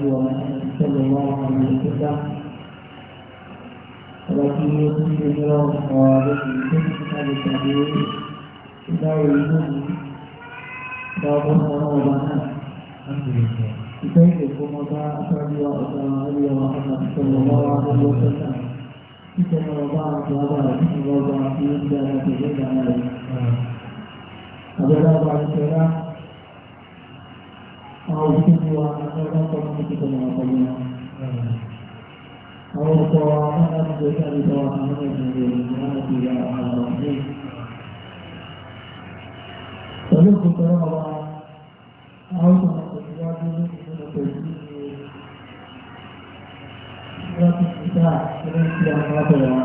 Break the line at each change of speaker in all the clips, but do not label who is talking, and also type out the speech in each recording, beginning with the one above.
النبوة صلى الله عليه وسلم ولكن يسلم الله قادة من كتاب التعبير لا يلزم باب الصلاة كيف يكون أصحابي وأصحابي وأصحابي صلى الله عليه وسلم كما وضعت وضعت وضعت في مدة تجد عليه أبدا بعد السلام àwọn òṣìṣẹ́ wa lọ́dún tó ní kíkọ́ ní ọ̀pọ̀ yìí náà. àwọn ọkọ̀ aláàbò tó ń bọ̀ àwọn ìṣẹ̀lẹ̀ ìlànà ti ra àwọn ọ̀gbìn. pẹ̀lú ìkókò ọ̀wà àwọn ọ̀sán àtẹ̀síwájú nínú pẹ̀lú láti ìta ẹgbẹ́ tí a máa bẹ̀rẹ̀ wa.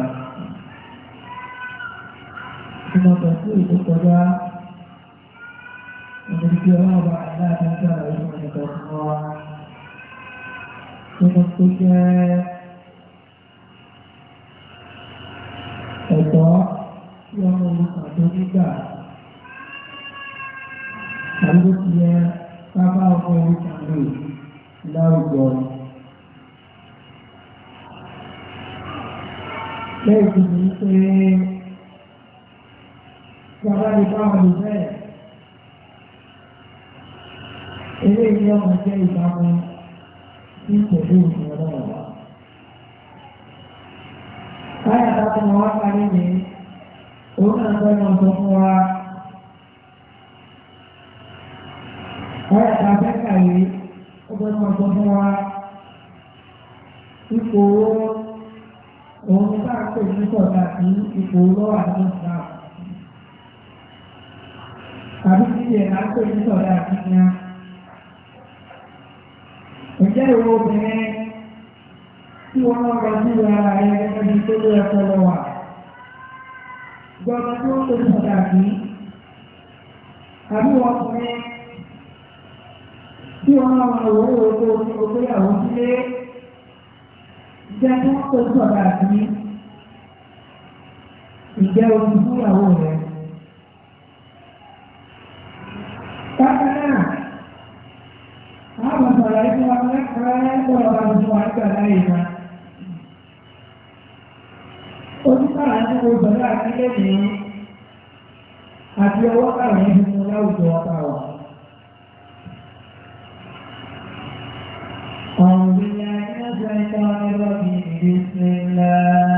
ìmọ̀ pẹ̀lú ìkókò ọ̀gá ìdíkẹ́wọ́n bá aláàbíkà ìwọ̀n ìdọ̀kọ́ wa nínú tó jẹ́ ẹ̀tọ́ tí wọ́n mú àjọ nígbà àdúgbò ti yẹ sábà ọkọ̀ orí kan lè ní bẹ́ẹ̀ ilé ilé ọmọ jẹ́ ìbámu tí kò ní òfin ọlọ́run wá. dákú ni wọ́n parí ní òun náà gbọ́dọ̀ sọ fún wa. Báyà tá a fẹ́ kàwé ó gbọ́dọ̀ sọ fún wa. Ipò owó òun ní bá pè ní sọ̀tà sí ipò owó lọ́wọ́ àti ìgbà. Àbí ti yẹ̀ ká pè ní sọ̀tà sí ní ǹjẹ́ ìwọ obìnrin tí wọ́n máa bá sí ara rẹ ẹni tó lé ẹ̀kọ́ lọ wà gbọ́dọ̀ tí ó tó ní pàtàkì
àbí wọ́n ọkùnrin tí wọ́n máa wọ owó oko ògbéyàwó sílé jẹ́ tí wọ́n tó ní pàtàkì
ǹjẹ́ omi fún ìyàwó rẹ̀.
mọ̀láìkí wa ní aláìkọ́ ọba ìjọ àti aláìmá. Ojúkà àti obìnrin àti lẹ́yìn
àti ọwọ́ kàrọ̀ ní ìfún láwùjọ ọba wa. أعوذ بالله من الشيطان الرجيم بسم الله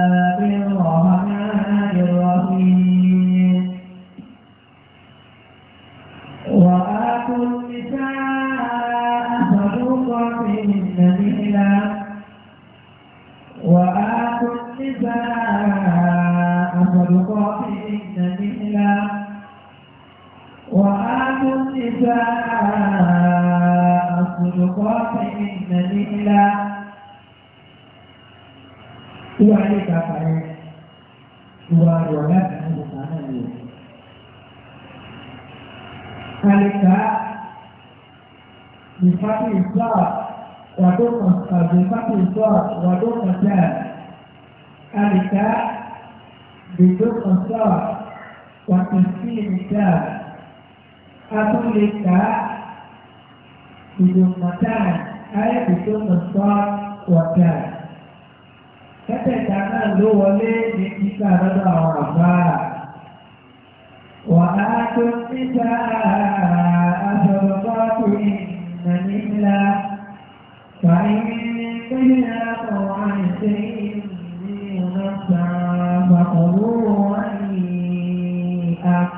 satu Islam, wadukkan sebagai satu Islam, wadukkan dan alika didukkan Islam, wakisim dan atulika didukkan dan ayat didukkan Islam, wadah. Kata-kata náà ló wọlé ní kíkà lọ́dọ̀ àwọn àbáà. وآتوا النساء صدقاتهن سمعنا وإن كنا طوعا شيء نفسا فقلوا وإياك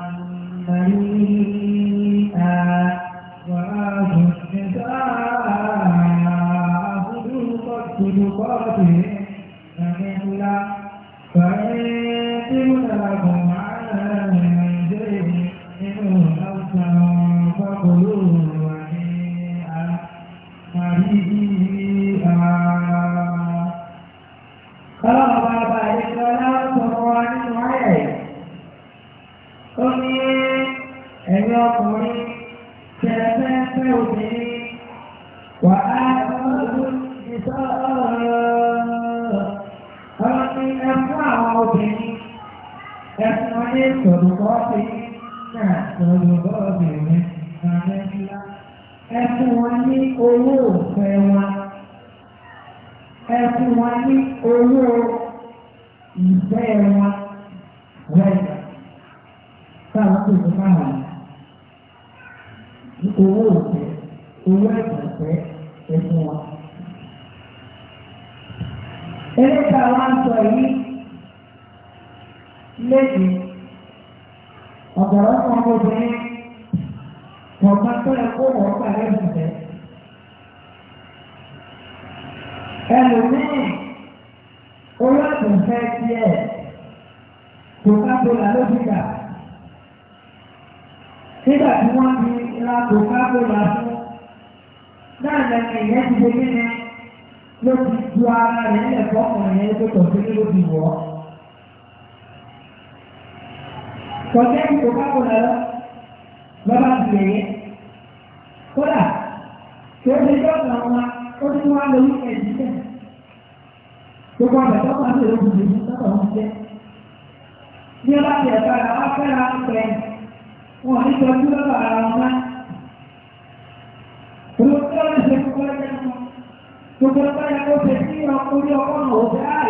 yẹn tó tọ̀ sí nílò
ti wọ̀ ọ́. Kọjá ìkókà kò lọ lọ́ba tìlẹ̀ yẹn. Kódà,
tí ó jọ́ ọ̀nà wa, ó ti wá lọ ní ẹ̀jì bẹ́ẹ̀. Gbogbo àgbàdo kan lè lóògùn lè fún sọ́tọ̀ wọn jẹ́. Ní ọba tìlẹ̀ padà, wá fẹ́ra pẹ̀ wọn ní tọ́jú lọ́ba ara wọn náà. Olùkọ́ ìṣèkúkọ́ lẹ́yìn wọn. Gbogbo ọba yẹn kó ṣe sí ọkùnrin ọkọ̀ ọ̀gá.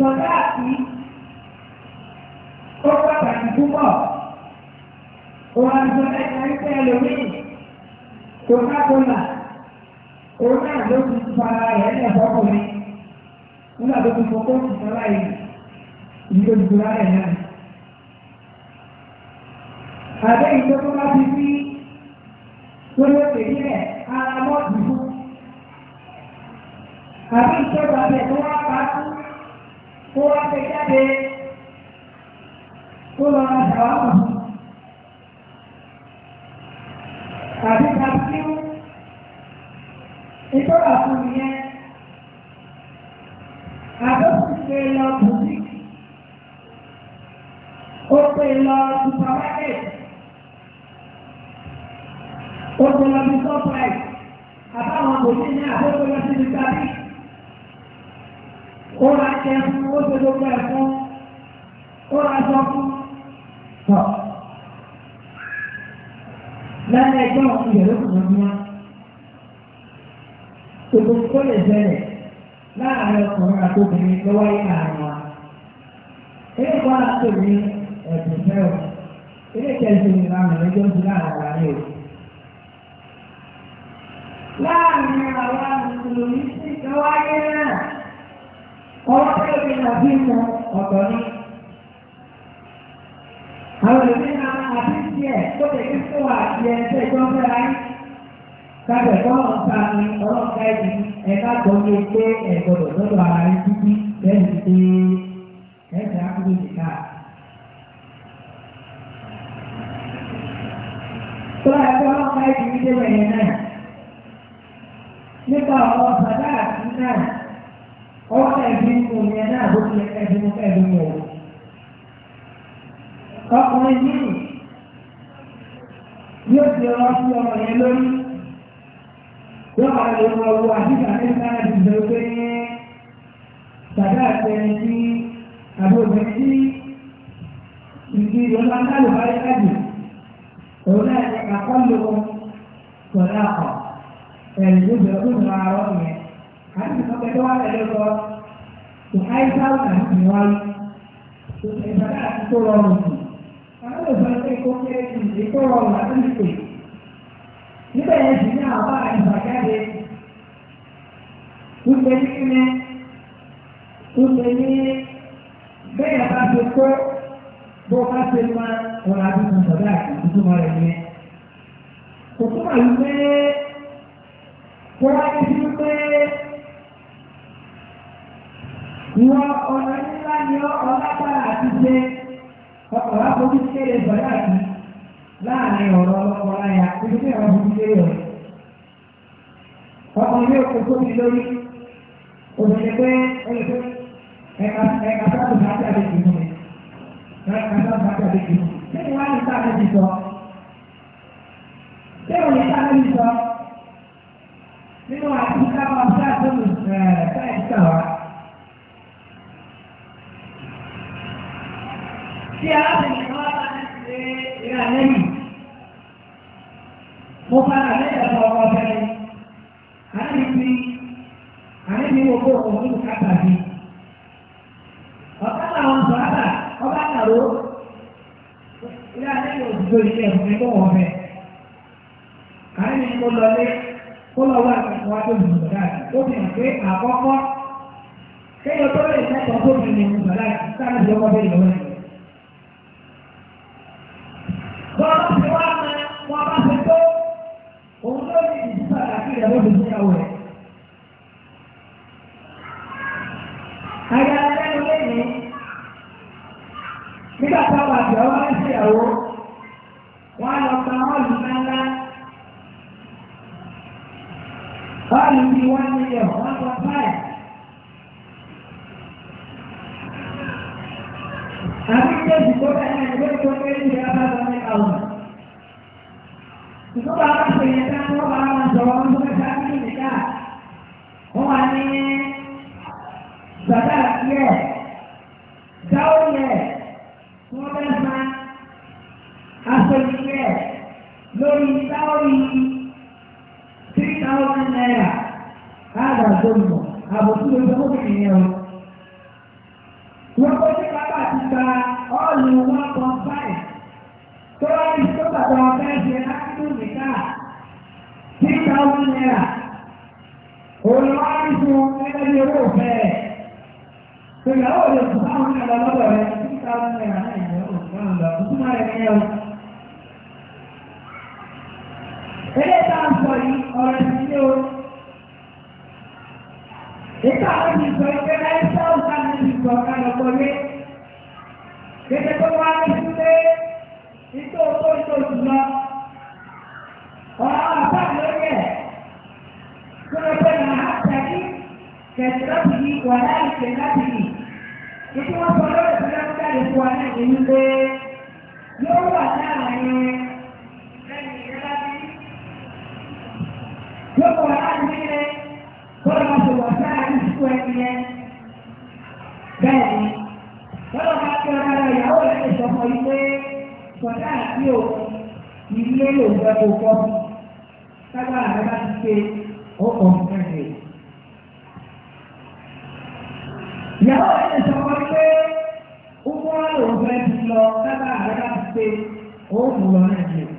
sọdá àti ó pàtàkì púpọ̀ òun àti ẹ̀ka ìfẹ́ ẹlòmíì kòkákòlà òun náà ló ti fara rẹ̀ ní ẹ̀fọ́kùnrin nígbà tó ti fọ́kọ́ sí sọ́lá yìí ìdílé ìdúrà rẹ̀ náà. Àbẹ́ ìjọba bá ti fi gbogbo èyí rẹ̀ ara mọ́ọ̀dù fún. Àbẹ́ ìjọba bẹ̀ tó wá pa á tó wá pé jáde tó lọ ra ṣàwámù tàbí kàbíyú ìtọ́lá fún mi yẹn àdókùn pé lọ bùtíkì ó pé lọ supermarket ó pé lọ bí sọ́pàì àbáwọn kò ní ní lọ sí ibi tàbí. ó ra jẹ fún ó ṣe gbogbo ẹ̀ fún fún tọ̀. lálẹ́ ẹjọ́ ìyẹ̀wò kò ní wá
gbogbo tó lè bẹ̀rẹ̀ láàárín ọkùnrin àtòkùnrin lọ́wọ́ yìí láàárín wa. ilé ìkọ́ àti òní ẹ̀sìn fẹ́ ilé ìkẹ́sìn ìlànà ẹjọ́ ti láàárín
wa o àwọn àmì ọwọ́ tẹ́lẹ̀ bí nàbí mọ ní. àwọn èmi náà àti tiẹ̀ tó lè fi fún àti ẹ̀ ṣe fẹ́ra yín. kábẹ̀ gbọ́dọ̀ ta ni ọlọ́ọ̀ká ẹ̀dì ẹ̀ká gbọ́ ní ara yín títí
lẹ́yìn pé.
ìní yóò ti rọ sí ọmọ yẹn lórí yóò máa lè wọ owó àdìgbà nípa ìdìbò pé tàbí àtẹni tí àbòbí tí ìdí ìjọba kálù bá yẹ kájù òun náà ní àkọlù kọ̀ọ̀dà kọ̀ ẹ̀yìn
tó kò
kó kí ẹ ti ṣe kó rọrùn láti lè Níbẹ̀ yẹn sì ní àwọn bára ìbàjáde. ní kíni, wípé ní bẹ́ẹ̀ bá ṣe kó bó bá ṣe máa ọ̀rọ̀ àdúgbò sọ̀rọ̀ àti ìdúgbò rẹ̀ yẹn. Kò túmọ̀ wípé kó wáyé sí pé ìwọ ọ̀rọ̀ nílá ni ọ̀rọ̀ lágbára àti ṣe ọkọ̀ wa fojú kéré bọ̀dá àti láàrin ọ̀rọ̀ ọlọ́pọ̀ láyà ibi tí àwọn fojú kéré rẹ̀.
ọkọ̀ ilé oko tó ti lórí obìnrin pé olùkọ́ ẹ̀ka ẹ̀ka sábà sábà àti ìdùnnú rẹ̀ ẹ̀ka sábà sábà àti ìdùnnú rẹ̀ ṣé wàá ní sábà ti sọ
ṣé wọ́n ní sábà ti sọ nínú àti sábà sábà tó ń ẹ̀ sáyẹ̀ tí arábìnrin kan wá bá ní ṣe ìrìn àlẹ́yìn mo padà lẹ́yìn ọ̀pọ̀ ọkọ̀ ọ̀fẹ́rẹ́
àlẹ́ mi àlẹ́ mi wo kó òun nínú kápá mi
ọ̀ká làwọn sọ àbà ọba kàró ilé àlẹ́yìn òṣìṣẹ́ òṣìṣẹ́ ìfúnni tó wọ̀ fẹ́ àlẹ́ mi kó lọlé kó lọ wá àkàkọ́ wá tó lù ú dáa ó fi hàn pé àkọ́kọ́ kéèyàn tó lè mẹ́tọ̀ọ́ tó lù ú dáa sáà ní ìjọba bẹ́ẹ̀ lọ́wọ́ ẹ̀ lọ́rọ̀ ti wá mọ wọn bá ti tó òun ló ní ìdíjú pàtàkì rẹ̀ lóde ní ìyàwó rẹ̀. Ayára lẹ́nu lẹ́yìn àwọn ọmọ ọmọ ṣe
ọkọ̀ ẹ̀rẹ̀.
Ìyàwó ẹ̀yẹ sọ wọ́n pé ó mú àlòfẹ́ ti lọ lábàá rẹ̀ láti pé ó mú lọ náà jù.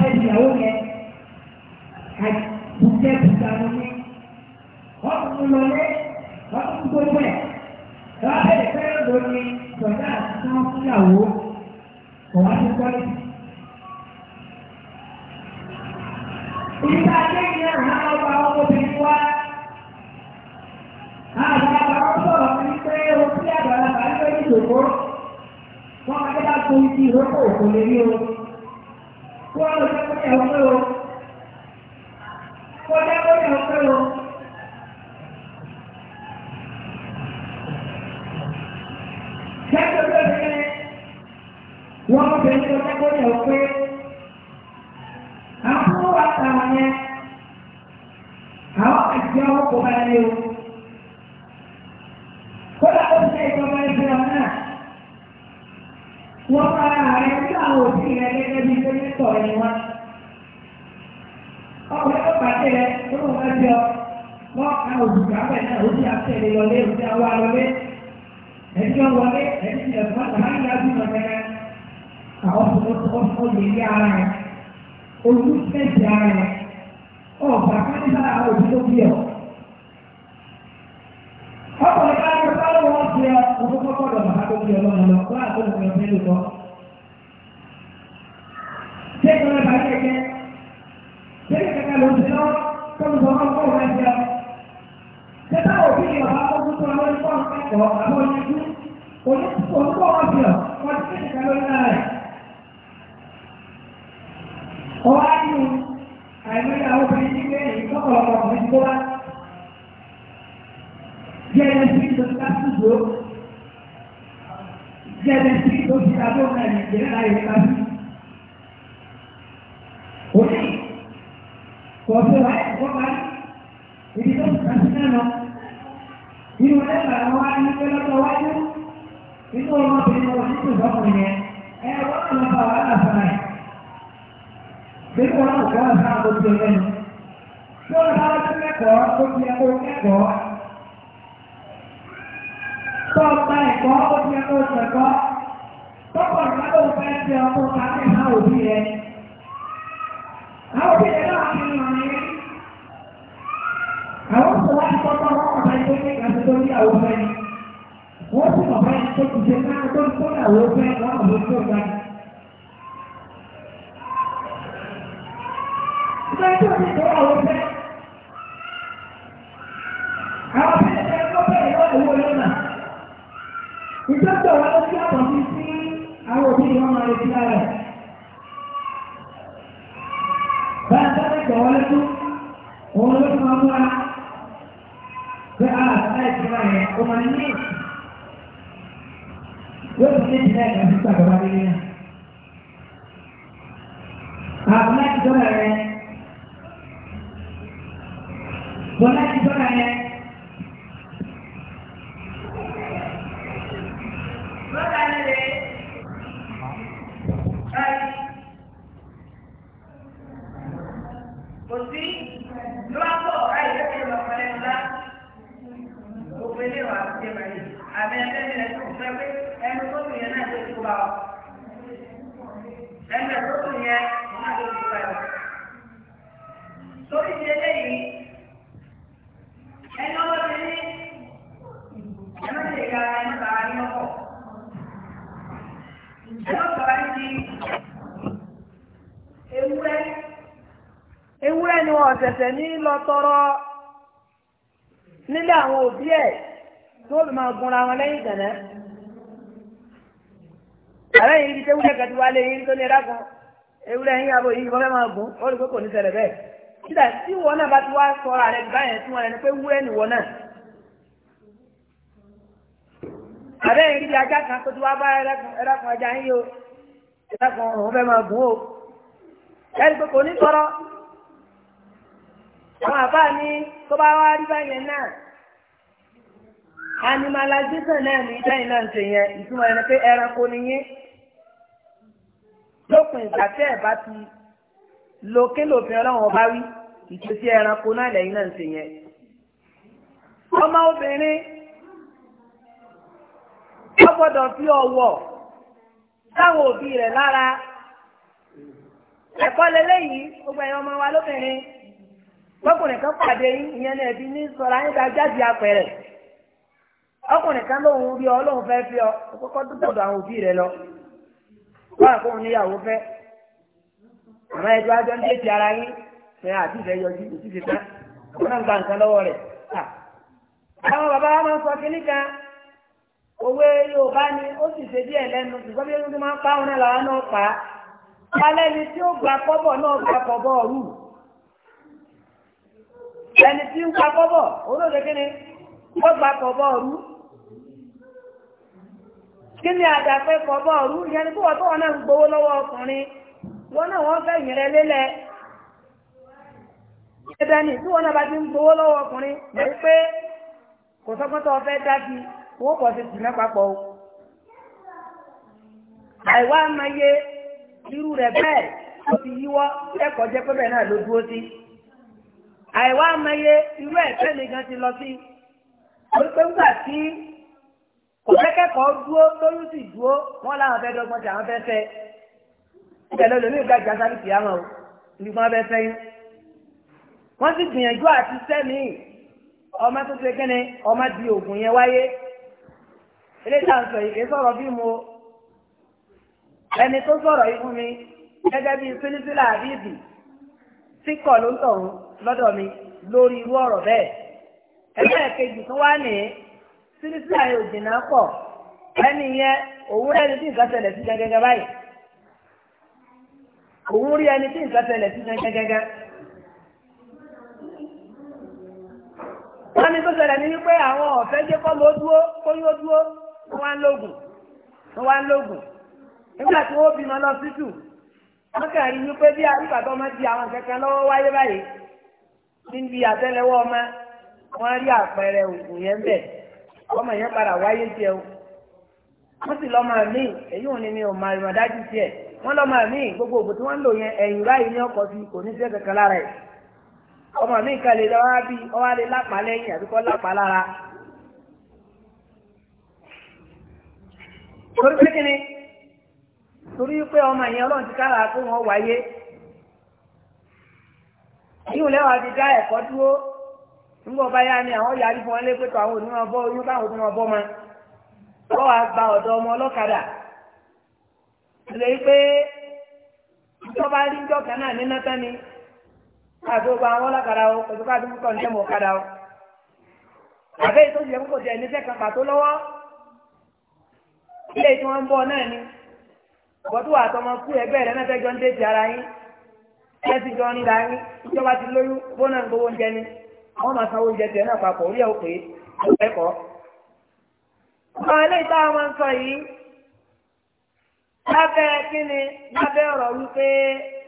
fẹ́ ìyàwó yẹn àbùkẹ́ bùkà ló ní wọ́n tún gbogbo ẹ̀ wọ́n
bẹ̀rẹ̀
fẹ́rẹ̀ ló ní sọ̀dá àti wọn fúyàwó kọ̀ wá sí kọ́lé. Ìgbà kéèyàn náà á wá wá. Àgbàlagbà wọn sọ̀rọ̀ pé o sí àgbàlagbà ń lórí ìdòkó. Wọ́n máa bá tó ibi ìrókò òkò lè rí o. nínú ọmọ obìnrin wọn nínú ìbámu yẹn ẹ wọn náà lọ bá wàhálà fara yìí nínú wọn náà kọ́ ọ̀sán àgbójú ẹ lẹ́nu tí wọn bá tún lẹ́kọ̀ọ́ ó ti ẹ̀kọ́ lẹ́kọ̀ọ́ tó ọgbà ẹ̀kọ́ ó ti ẹ̀kọ́ ṣẹ̀kọ́ tó pọ̀ nípa tó fẹ́ ṣe ọkọ̀ kàmí ha òbí rẹ àwọn òbí rẹ náà ti rìn rìn àwọn sọ wá ní kọ́kọ́ wọn kọ̀ọ̀kan tó ní ìgbà tó ní àwọn fẹ́ ni.
wọ́n sì mọ̀ báyìí tó ti ṣe máa tó ń tọ́lá wo fẹ́ wọ́n mọ̀ lójú ọ̀gá.
Ṣé tó ti tọ́lá fẹ́? Àwọn bí ẹ̀ka ẹ̀kọ́ bẹ̀rẹ̀ yọ owó
lọ́nà. Ìjọba wa ló fi àpọ̀ sí àwọn òbí wọn máa retí ara. Báyọ̀ sáré gbọ̀ wọlé òun ló fi máa múra. Bẹ́ẹ̀ á àti láì fi ó máa ní ìsìn. What tún léjì náà kan sísà bàbá délé náà.
àbúlá ti sọ́nà
tọrọ nílé àwọn òbí ẹ̀ tí wọ́n máa gunra wọn lẹ́yìn ìgànnà. ààrẹ yìí ti tẹ́wúrẹ́ kan wá lé tó ní yín yìí máa ó kò ní tí wọn náà bá ti wá báyẹn tí wọn ni pé wúrẹ́ nìwọ náà. ààrẹ yìí ti ajá kan tó ti wá bá ẹ̀dá kan ajá yín yìí o kan òun fẹ́ máa gùn o. ẹ̀rí pé kò ní àwọn àbá ní tó bá wá rí báyẹn náà animalization náà ní ìdáyìn náà ń ṣe yẹn ìtumọ̀ ẹni pé ẹranko ni yín lópin ìgbà tẹ́ ẹ̀ bá ti lo kílòfin ọlọ́run ọba wí ìṣesí ẹranko náà lẹ́yìn náà ń ṣe yẹn. ọmọ obìnrin wọ́n gbọ́dọ̀ fi ọ̀wọ̀ táwọn òbí rẹ̀ lára ẹ̀kọ́ lélẹ́yìí gbogbo ẹ̀yàn ọmọ wa lóbìnrin. tọkùnrin kan pàdé ìyẹn náà ẹbí ní sọ̀rọ̀ ayé ta jáde apẹ̀rẹ̀ ọkùnrin kan lóun rí ọ lóun fẹ́ fi ọ kọ́kọ́ tó gbọdọ̀ àwọn òbí rẹ lọ wọ́n àkóhun níyàwó fẹ́ àmọ́ ẹjọ́ ajọ́ ń déjì ara yín fẹ́ àti ìfẹ́ yọjú ti tán náà ń gba nǹkan lọ́wọ́ rẹ̀ àwọn bàbá wa máa ń sọ kínní kan ni ó sì ṣe díẹ̀ lẹ́nu ṣùgbọ́n bí máa ń pa náà làwọn náà pa ẹni tí ń papọ̀ bọ̀ olóòjẹ́ kí ni wọ́n gba kọ̀bọ̀ ọ̀rú kí ni àdàpẹ́ kọ̀bọ̀ ọ̀rú ìyẹn ni kúwọ́ tó náà ń lọ́wọ́ ọkùnrin náà wọ́n fẹ́ lélẹ̀ ni tí wọn náà bá ti ń gbowó lọ́wọ́ ọkùnrin mọ̀ pé kò sọ́kọ́tọ̀ dájú owó pọ̀ sí papọ̀ o àìwá ti yíwọ́ ẹ̀kọ́ jẹ́ náà ló dúró àìwá amẹyẹ irú ẹ̀fẹ́ lè gan ti lọ sí pé ńgbà tí kò kẹ́kẹ́kọ̀ọ́ dúró lóyún sì dúró wọ́n láwọn fẹ́ dọ́gbọ́n tí àwọn fẹ́ fẹ́ ìtẹ̀lẹ́ olómi ìgbà ìjà sáré tìyà wọn o ibi kan fẹ́ fẹ́yìn wọ́n sì gbìyànjú àti sẹ́mi ọmọ tó ṣe kẹ́ni ọmọ di oògùn yẹn wáyé eléyìí tá à ń sọ yìí kì í sọ̀rọ̀ bí mo ẹni tó sọ̀rọ̀ yìí fún mi gẹ́gẹ́ bíi sínísílà àbíbì tí kọ̀ ló ń tọ̀hún. lọ́dọ̀ mi lórí irú ọ̀rọ̀ bẹ́ẹ̀ ẹgbẹ́ kejì tó wá ní sínísílà àyè jìnnà pọ̀ ẹni yẹn òun rẹ́ni tí nǹkan ṣẹlẹ̀ sí gẹ́gẹ́gẹ́ báyìí òun rí ẹni tí nǹkan ṣẹlẹ̀ sí gẹ́gẹ́gẹ́. wọ́n ní tó ṣẹlẹ̀ ní wípé àwọn ọ̀fẹ́ jẹ́ kọ́ dúró kó yóò dúró wá ń lògùn wá ń níbi àtẹ́lẹwọ́ ọmọ wọ́n rí àpẹẹrẹ òògùn yẹn bẹ̀ ọmọ yẹn padà wáyé jẹ o wọ́n sì lọ́mọ mi èyí ò ní mi ò máa mi gbogbo òògùn tí wọ́n lò yẹn ẹ̀yìn báyìí ní ọkọ̀ sí kò ní sẹ́ kankan lára ẹ̀ ọmọ mi kan lè lọ́wọ́ bí ọwọ́ lè lápá lẹ́yìn àbíkọ́ lápá lára. torí pé kíni torí pé ọmọ yẹn ọlọ́run ti kára wọ́n yíò lẹ́wọ̀n ti dá ẹ̀kọ́ dúró nígbà ọba yá ni àwọn yàrá fún lé pẹ̀tọ̀ àwọn òní wọn oyún káwọn òní wọn bọ́ ma wọ́n wá gba ọ̀dọ̀ ọmọ ọlọ́kadà lè pé ìjọba rí ìjọ kan náà ní nátán ni káàkiri gba àwọn ọlọ́kadà o pẹ̀lú káàkiri kọ́ ní ẹ̀mọ́ ọ̀kadà o àbẹ́ ètò ìjẹ́ kókò jẹ́ níṣẹ́ kan pàtó lọ́wọ́ ilé tí wọ́n ń bọ̀ náà ni bọ́dúwà àtọmọ kú ẹgbẹ́ rẹ náà fẹ́ jọ ń dé ti ara yín ẹsìn jọ ní láàrin ìjọba ti lóyún bọ́nà gbowó oúnjẹ ni àwọn máa sanwó oúnjẹ tiẹ̀ náà papọ̀ orí ẹ̀ ò pé ẹ̀kọ́. ọ̀rọ̀ ilé ìta wọn sọ yìí lábẹ́ kíni lábẹ́ ọ̀rọ̀ wípé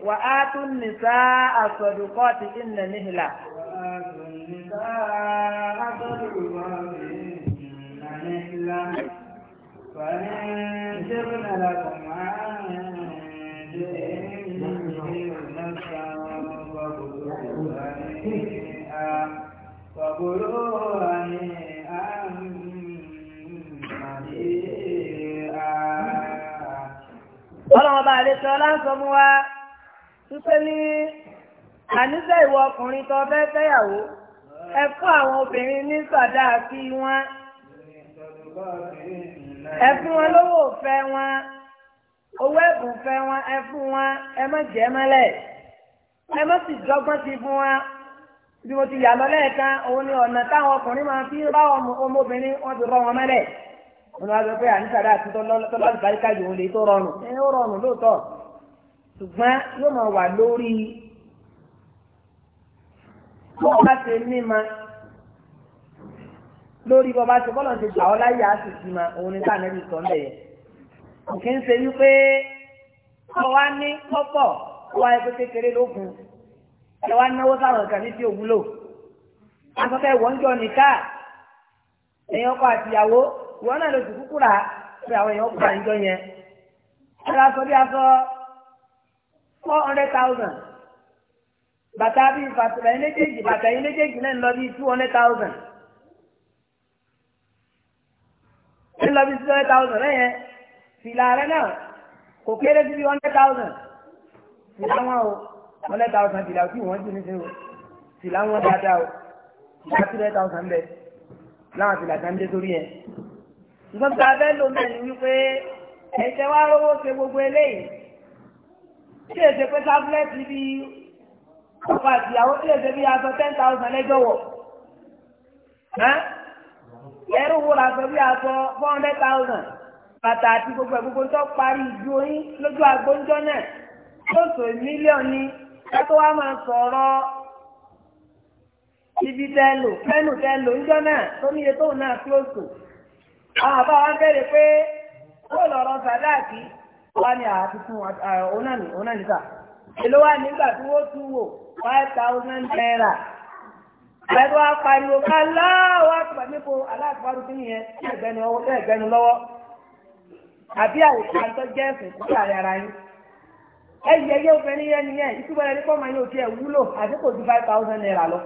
wà á tún nìsa àsọdùkọ́ ti ti nà níhìlà.
فإن جبنا لكم وفروع
ọlọ́wọ́ bá lè sọ láǹsọ mú wa túnṣe ní àníṣẹ́ ìwọ ọkùnrin tó fẹ́ fẹ́yàwó ẹ fún àwọn obìnrin ní sọ̀dá kí wọ́n ẹ fún wọn lówó fẹ́ wọn owó ẹ̀bùn fẹ́ wọn ẹ fún wọn ẹ má jẹ́ mọ́lẹ̀ ẹ má sì dọ́gbọ́n ti fún wọn bí mo ti yà lọ lẹ́ẹ̀kan òun ni ọ̀nà táwọn ọkùnrin máa fi bá ọmọbìnrin wọn ti rọ wọn mẹ́lẹ̀ wọn ni wọn sọ pé àníṣàdá àti tọ́lá ìbáríkà jù òun lè tó rọrùn ẹ ó rọrùn lóòótọ́ ṣùgbọ́n yóò máa wà lórí bó bá ṣe ní ma lórí bó bá ṣe bọ́lọ̀ ṣe gbà ọ́ láyé àṣìṣì ma òun ni sáà nẹ́bí sọ ńbẹ̀ yẹn kò kí ń ṣe wípé ọwá ní pọ́pọ̀ wá ẹgbẹ́ kékeré lókun ẹ wá náwó sáwọn kan ní tí ò wúlò asọ́tẹ́ ìwọ ń jọ nìka èèyàn ọkọ àtìyàwó ìwọ náà lè sì kúkú rà pé àwọn èèyàn ọkọ àǹjọ yẹn ẹ lọ sọ bí a sọ four hundred thousand bàtà bíi bàtà yín méjèèjì bàtà yín méjèèjì náà ń lọ bíi two hundred thousand ń lọ bíi two hundred thousand lẹ́yìn fìlà rẹ náà kò kéré sí bíi one hundred thousand fìlà wọn o wọ́n lẹ́ta ọ̀sán tìlà kí wọ́n jù ní sí o tìlà wọn dáadáa o tìlà tí lẹ́ta ọ̀sán bẹ̀ láwọn tìlà tá ń dé sórí yẹn. ṣùgbọ́n tá a fẹ́ lò mẹ́rin wípé ẹ̀ṣẹ̀ wá rówó ṣe gbogbo eléyìí tí èsè pé sáfúlẹ́ẹ̀tì bí ọkọ̀ àtìyàwó tí èsè bí aṣọ ten thousand lẹ́jọ́ wọ̀ ẹrú wo la sọ bí aṣọ four hundred thousand bàtà àti gbogbo ẹ̀ gbogbo tó parí ìdúró yín lójú agbóńjọ́ náà tó sọ mílíọ̀nù kátó wá máa sọ̀rọ̀ ibi tẹ́lò pẹ́lù tẹ́lò níjọ́ náà tó ní iye tóun náà kílòsù àbá wa bẹ̀rẹ̀ pé ó lọ̀rọ̀ sàdáàkì wá ní àfikún onáni onánìta èló wá nígbà tí wọ́n tún wò five thousand naira ẹ̀rọ apariwo ká láwọ́ nípo yẹn lọ́wọ́ àbí àwòkọ́ ẹyẹ yẹ obìnrin yẹn nìyẹn ìtúbọ̀ yẹn ní kọ́ máa yóò tiẹ̀ wúlò àti kò ju five thousand naira lọ.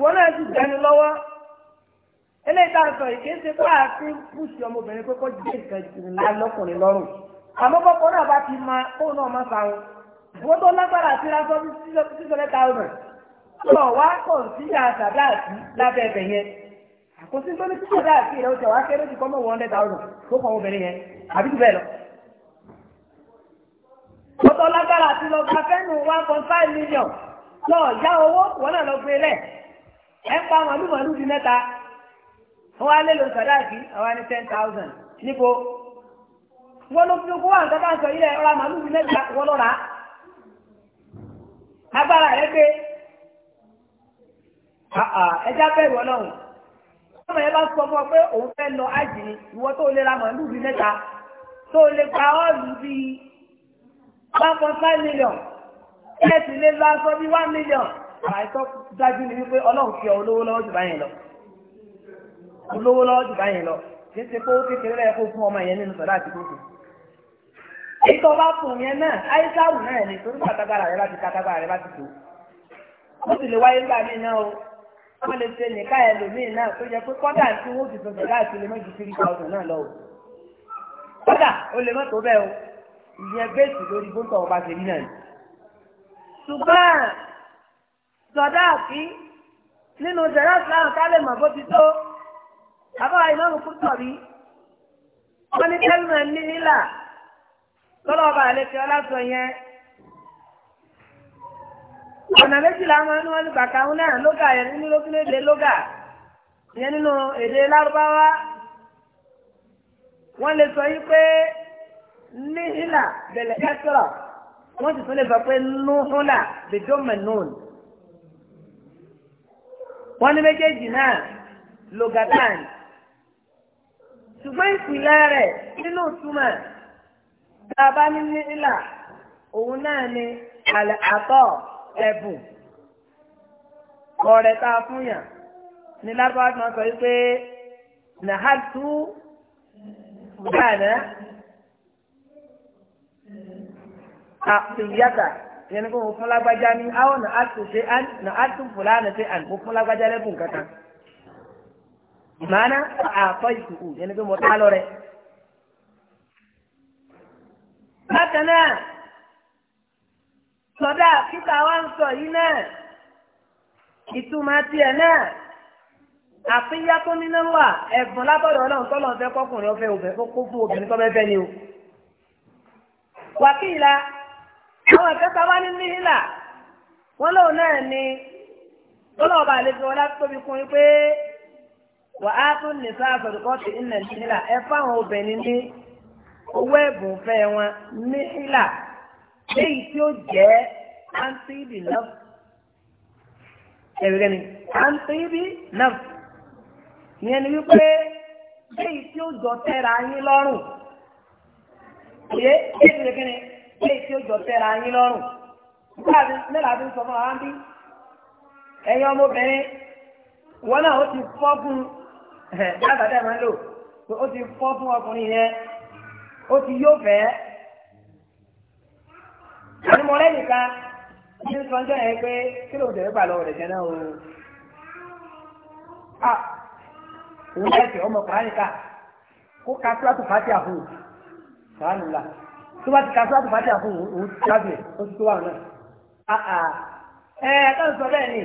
wọn náà ti dẹnu lọ́wọ́ eléyìí tá a sọ yìí kì í ṣe pé àfin púùsì ọmọbìnrin pé kọ́ jẹ́ ìkànnì ńlá lọ́kùnrin lọ́rùn àmọ́ kọ́kọ́ náà bá ti máa kóun náà máa fa wọn. wọ́n tó lágbára àti ra sọ́ọ́ six hundred thousand lọ wá kọ̀ sí àṣàdá àti lábẹ́ ẹ̀bẹ̀ yẹn àkóso tó ní six hundred àti ìrẹ́ oṣù àwọn akérèdì kọ́ mọ́ one hundred thousand tó kọ́ obìnrin yẹn àbí jù bẹ́ẹ̀ lọ. Ọ̀tọ̀ lágbára ti lọ gba fẹ́nu one point five million lọ yá owó wọn náà lọ gbé lẹ̀. Ẹ ń pa màálù màálù di mẹ́ta. Wọ́n á lè lo sàdáàkì àwọn ní ten thousand níbo. Wọ́n ló fi owó àwọn tó bá sọ yìí rẹ̀ ọ̀rá màálù di mẹ́ta wọ́n lọ rà á. Agbára rẹ̀ gbé. Ẹja bẹ̀rù ọlọ́run. Ọmọ yẹn bá sọ fún ọ pé òun fẹ́ lọ ájì ìwọ tó lè ra di mẹ́ta tó lè gba ọ́ọ̀lù bíi one point five million ẹ̀ẹ́dì lè lọ aṣọ bíi one million àìsàn dájú ni wípé ọlọ́run fi olówó lọ́wọ́ jù báyẹn lọ olówó lọ́wọ́ jù báyẹn lọ kì í ṣe kó kékeré rẹ̀ kó fún ọmọ yẹn nínú sọ̀dá àti kókò. èyí tó bá fún yẹn náà àìsàrù náà ni torí pàtàkàrà rẹ láti kàtàkàrà rẹ láti tó. ó sì lè wáyé nígbà míì náà o wọ́n lè ṣe nìka ẹlòmíì náà tó yẹ pé kọ́dà tí wọ́n ti sọ̀tọ̀ láti lè mọ́jú three thousand náà lọ o. kọ́dà o lè mọ́tò bẹ́ẹ̀ o ìyẹn bẹ́ẹ̀sì lórí bó ń tọ̀ ọba ṣe rí náà. ṣùgbọ́n sọ̀dá àfi nínú sẹ̀rẹ́ ìsìláàmù ká lè mọ̀ bó ti tó àbáwá ìmọ̀mù kú sọ̀ rí wọ́n ní kẹ́lìmọ̀ ní nílà tọ́lọ́ ọba àlejò ọlásọ yẹn. ọ̀nà méjìlá máa ń wọ́n ní bàtà ń náà lóga yẹn nínú lókùnlédè lóga yẹn nínú èdè lárúbáwá wọ́n lè sọ yí pé níhìlà bẹ̀lẹ̀ kẹ́sọ̀rọ̀ wọ́n sì tún lè sọ pé núhùlà bìdómẹ̀nùn. wọ́n ní méjèèjì náà logatan ṣùgbọ́n ìpìlẹ̀ rẹ̀ nínú ìtumọ̀ tá a bá ní níhìlà òun náà ni àlẹ́ àtọ̀ ẹ̀bùn ọ̀rẹ́ tá a fún yàn ní lábọ́ àti wọn sọ wípé nàhàtú bùdánà. àpìyàtà yẹn ni kò mo fún lágbájá ní àwọn nà á tún ṣe án nà á tún fòlá nà ṣe àn mo fún lágbájá lẹ́bùn kankan màánà àkọ́ ìsìnkú yẹn ni kò mo tá lọ rẹ. bákan náà sọdá kíkà wa ń sọ yìí náà ìtumọ̀ tiẹ̀ náà àfíyá tó níná wà ẹ̀bùn lábọ̀dọ̀ ọlọ́run tọ́lọ́ kọkùnrin ọ̀fẹ́ òbẹ̀ kó fún obìnrin tó bẹ́ẹ̀ fẹ́ ni o. wàkìlá àwọn ìkẹta wá ní níhìlà wọn lóun náà ni ọlọ́ọ̀bà àlejò ọlá tóbi kún pé wà á tún lè sá àfẹ̀dùkọ́ sí ilẹ̀ níhìlà ẹ fáwọn obìnrin ní owó ẹ̀bùn fẹ́ wọn níhìlà léyìí tí ó jẹ́ antibi náà ẹ̀rí rẹ̀ ni antibi náà ìyẹn ni wípé léyìí tí ó jọ tẹ́ra yín lọ́rùn ni. léyìí tí ó jọ tẹ́ra yín lọ́rùn mẹ́la bí ń sọ fún wa bí ẹ̀yin ọmọbìnrin wọn náà ó ti fọ́ fún dábàá tẹ̀ máa ń lò ó ti fọ́ fún ọkùnrin yẹn ó ti yóò fẹ́ ànímọ̀lẹ́ nìkan ní sọ́njọ́ yẹn pé kí ló ń tẹ̀lé rẹ̀ jẹ́ náà o a òun láti ọmọkùnrin kó fàájì tó bá ti ka sọ́ọ́tù bá ti àfún òun ti jábìlẹ̀ ó ti tó wà náà. ẹ ẹ sọ bẹ́ẹ̀ ni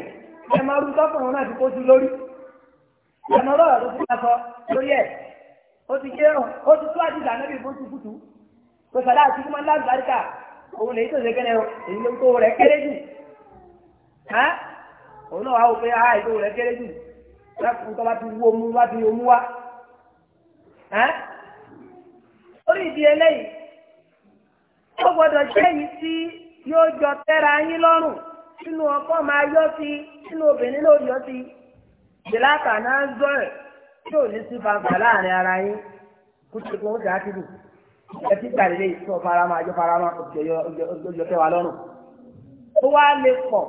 ẹ máa rú tọ́kùnrin náà ti kójú lórí ẹ máa rọ̀ ló fún aṣọ lórí ẹ̀ ó ti jẹ́ ó ti tó àti ìlànà bí bóṣù kùtù kò sàdá àti kúmọ́ ńlá àgbáríkà òun lè tó ṣe kẹ́lẹ́ o èyí ló tó rẹ̀ kéré jù òun náà wá wò pé a ètò rẹ̀ kéré jù lákùnkùn tó bá ti wú omu wá ti omu ìdí eléyìí ó gbọ́dọ̀ jẹ́ èyí tí yóò jọ tẹ́ra yín lọ́rùn sínú ọkọ máa yọ sí sínú obìnrin náà yọ sí ìlàkà náà ń zọrẹ̀ tí ò ní sí fanfà láàrin ara yín kó tó kó ń dà á ti dùn ẹ ti gbà lélẹ́yìí tí wọ́n fara máa jọ fara máa lọ́rùn. ó wá lè pọ̀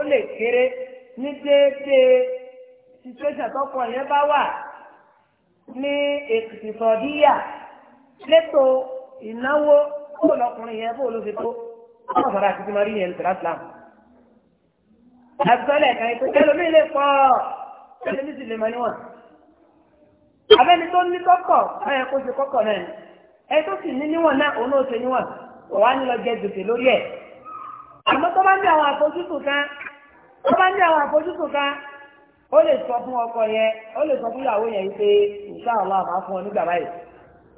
ó lè kéré ní déédéé situation tọkọ yẹn bá wà ní èkìtì sọ̀díyà lẹ́tọ̀ọ́ ìnáwó. bó lọkùnrin yẹn bó ló fi tó wọn sọ̀rọ̀ àti tìmọ̀ rí yẹn lùtẹ̀rẹ̀ islam. àtúntọ́lẹ̀ kan ètò ẹlòmíì lè pọ̀ ẹlòmíì sì lè mọ níwọ̀n. abẹ́ni tó ní kọ́kọ̀ ọ̀yẹ́ kó ṣe kọ́kọ̀ náà ni ẹ tó sì ní níwọ̀n náà òun náà ṣe níwọ̀n kò wá ní lọ jẹ gbèsè lórí ẹ̀. àmọ́ tó bá ní àwọn àfojúsùn kan tó bá ní àwọn àfojúsùn kan ó lè sọ fún ọkọ yẹn ó lè sọ fún ìyàwó yẹn yìí pé insha Allah nígbà báyìí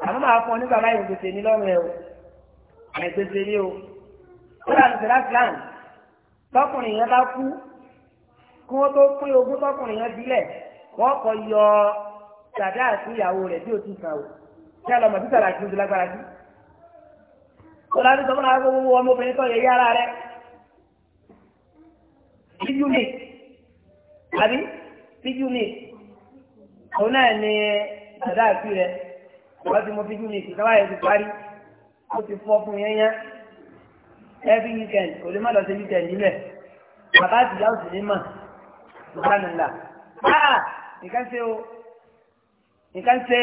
àmọ́ máa nígbà báyìí gbèsè ní lọ́rùn ẹ̀ o. àìgbèsè ni o kódà nìsẹ̀lá islam tọkùnrin yẹn bá kú kí wọ́n tó pín ogún tọkùnrin yẹn bílẹ̀ wọ́n kọ yọ sàdá àti ìyàwó rẹ̀ bí o ti sàn o kí ẹ lọ mọ̀ sí sàdá àti ojú lágbára sí. kódà ní sọ́kùnrin àwọn owó ọmọbìnrin tó yẹ yára rẹ̀ fíjú mi àbí fíjú mi òun náà ni sàdá àti rẹ̀ wọ́n ti mọ fíjú mi kí káwáyé ti parí. ó ti fọ́ fún every weekend kò lè má lọ sí nílẹ̀ bàbá àtìyá ò òsì ní mà ìdánilà báà nìkan ṣe o nìkan ṣe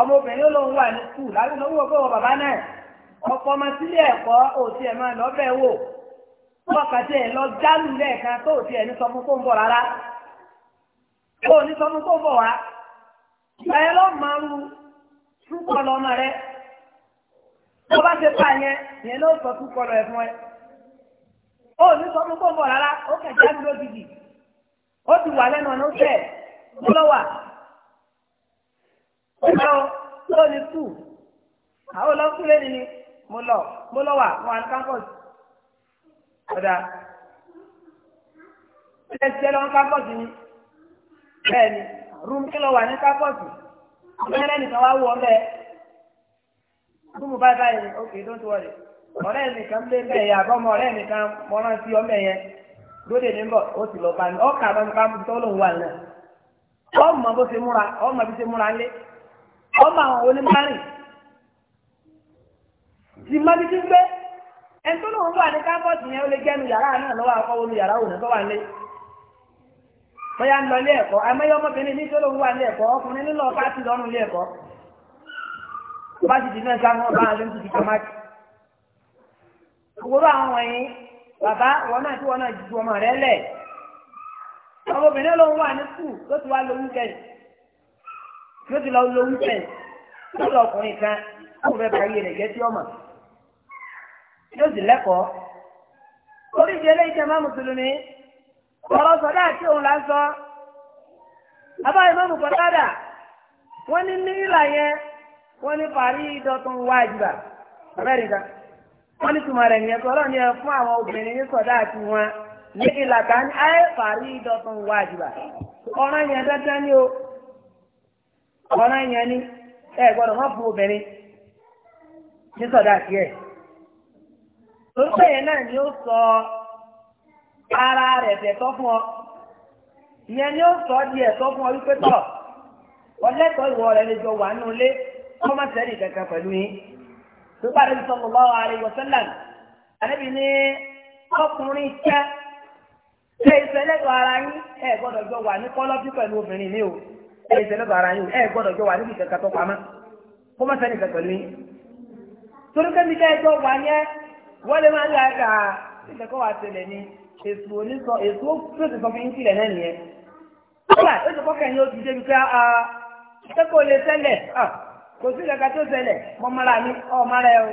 ọmọbìnrin ń wà ní skul láti lọ bàbá náà ọ̀pọ̀ ọmọ sílé ẹ̀kọ́ òtí ẹ̀ máa lọ́bẹ̀ wò ẹ̀ lọ jálù lẹ́ẹ̀kan tó ẹ̀ ní sọ fún kó ń bọ̀ rárá kó ní sọ fún kó tó bá ṣe pa yẹn yẹn ló sọ fún kọlọ ẹ fún ẹ ó ní sọ fún kóńbọ rárá ó kẹjá dúró gidi ó ti wà lẹ́nu ọ̀nà ọ̀sẹ̀ tó lọ wà ọ̀nà tó ní tù àwọn olókùn lé nìyí mo lọ mo lọ wà wọn àti campus ọ̀dà ẹ ti ẹ lọ campus ni bẹ́ẹ̀ rúmi lọ wà ní campus ọ̀gbẹ́rẹ́ nìkan wá wọ ọ bẹ́ẹ̀. àbúrò báyìí báyìí ok don't worry ọ̀rẹ́ mi kan bẹ́ẹ̀ bẹ́ẹ̀ yà àbọ̀mọ ọ̀rẹ́ mi kan sí ọmọ ẹ̀yẹn lóde ní bọ̀ ó sì lọ bá mi ọkà bá mi ká mi tọ́ lóun wà náà ọmọ bó ṣe múra ọmọ bí ṣe múra lé ọmọ àwọn onímọ̀rìn ti má bí ti gbé ẹni tó wà ní yẹn ó lè jẹ́nu yàrá náà lọ́wọ́ yàrá òun tó wà lé bóyá ń lọ ilé ẹ̀kọ́ àmọ́ ọmọbìnrin ní tó bá ti di náà ká wọn bá lóun ti di tomati. òwúrọ̀ àwọn wọ̀nyí bàbá wọn náà tí wọn náà ju ọmọ rẹ lẹ̀. àwọn obìnrin lòun wà ní skul tó ti wá lo wíkẹ̀ndì tó ti lọ lo wíkẹ̀ndì tó lọ ọkùnrin kan tó fẹ́ parí rẹ̀ gẹ́tí ọmọ yóò sì lẹ́kọ̀ọ́. orí ìdílé ìjẹmọ́ mùsùlùmí ọ̀rọ̀ sọ̀dá àti òun là ń sọ abáyé mọ́mù kọ́tádà wọ́n ní parí dọ́tún wájúbà amẹ́ríkà wọ́n ní tùmọ̀ rẹ̀ nìyẹn kọ́ ẹ fún àwọn obìnrin ní sọ̀dá àti wọn ní ìlàkà ní ayé parí dọ́tún wájúbà ọ̀ràn yẹn dandan ni o yẹn ni ẹ gbọ́dọ̀ wọ́n fún obìnrin ní sọ̀dá àti ẹ̀ lórúkọ yẹn ara rẹ̀ fún ọ ìyẹn ni ó sọ ọ́ ọ wípé tọ̀ ìwọ rẹ̀ jọ wà kọ́ má sẹ́ni kankan pẹ̀lú yín tó bá rẹ̀ sallallahu alaihi wasallam àdébí ní ọkùnrin kẹ́ ṣe ìṣẹ̀lẹ̀dọ̀ ara yín ẹ gbọ́dọ̀ jọ wà ní kọ́lọ́bí pẹ̀lú obìnrin mi o ṣe ìṣẹ̀lẹ̀dọ̀ ara yín ẹ gbọ́dọ̀ jọ wà níbi kankan tó pamọ́ kọ́ má sẹ́ni kankan pẹ̀lú yín torí kẹ́mi kẹ́ ẹjọ́ wà yẹn wọ́n lè máa ń lọ àgà ìṣẹ̀kọ́ wa tẹ̀lẹ̀ ni èso onísọ èso tó ti sọ fún yín sílẹ̀ náà nìyẹn. kọ́lá ó ti kọ́kẹ́ yín ó ti débi ká a ah, ṣé kò lè ṣẹlẹ̀ ah, kò sí ìrẹ̀ka tó ṣẹlẹ̀ mọ́ mara mi ọ mara ẹ o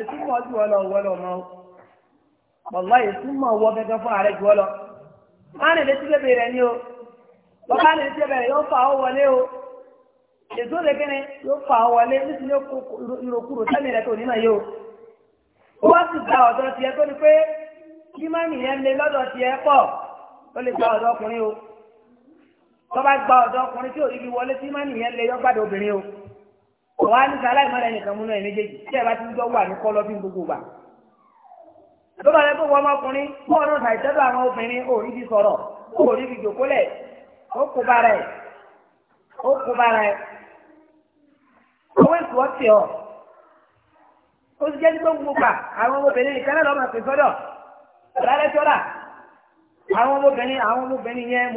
ìtumọ̀ ju ọ lọ wọ́ lọ mọ́ o ọ̀lá ìtumọ̀ wọ gẹ́gẹ́ fún ààrẹ ju ọ lọ. má nìlé tí ni o bàbá nìlé tí bèbè yóò fà ọ wọlé o yóò fà ọ wọlé nítorí ìrokúrò sẹ́mi tó yóò. wá sì gba tiẹ̀ tó ni pé kí má gba ọkùnrin o gba ọkùnrin tí ò wọ́n á ní sọ aláìmọ́lẹ̀ nìkan múná ẹ̀ méjèèjì tí ẹ bá ti ń jọ wà ní kọ́lọ́ bí gbogbo gbà. tó bá yẹ kó wọ́n ọmọkùnrin kó ọdún tàì tẹ́lẹ̀ àwọn obìnrin òrí fi sọ̀rọ̀ òrí fi jòkólẹ̀ ó kó bára ẹ̀ ó kó bára ẹ̀ owó èso ọ̀tì ọ̀ ó ti jẹ́ ní gbogbo gbà àwọn ọmọbìnrin nìkan náà máa pè sọ́dọ̀ ọ̀làlẹ́ tíọ́là àwọn ọmọbìnrin àwọn ọmọbìnrin yẹn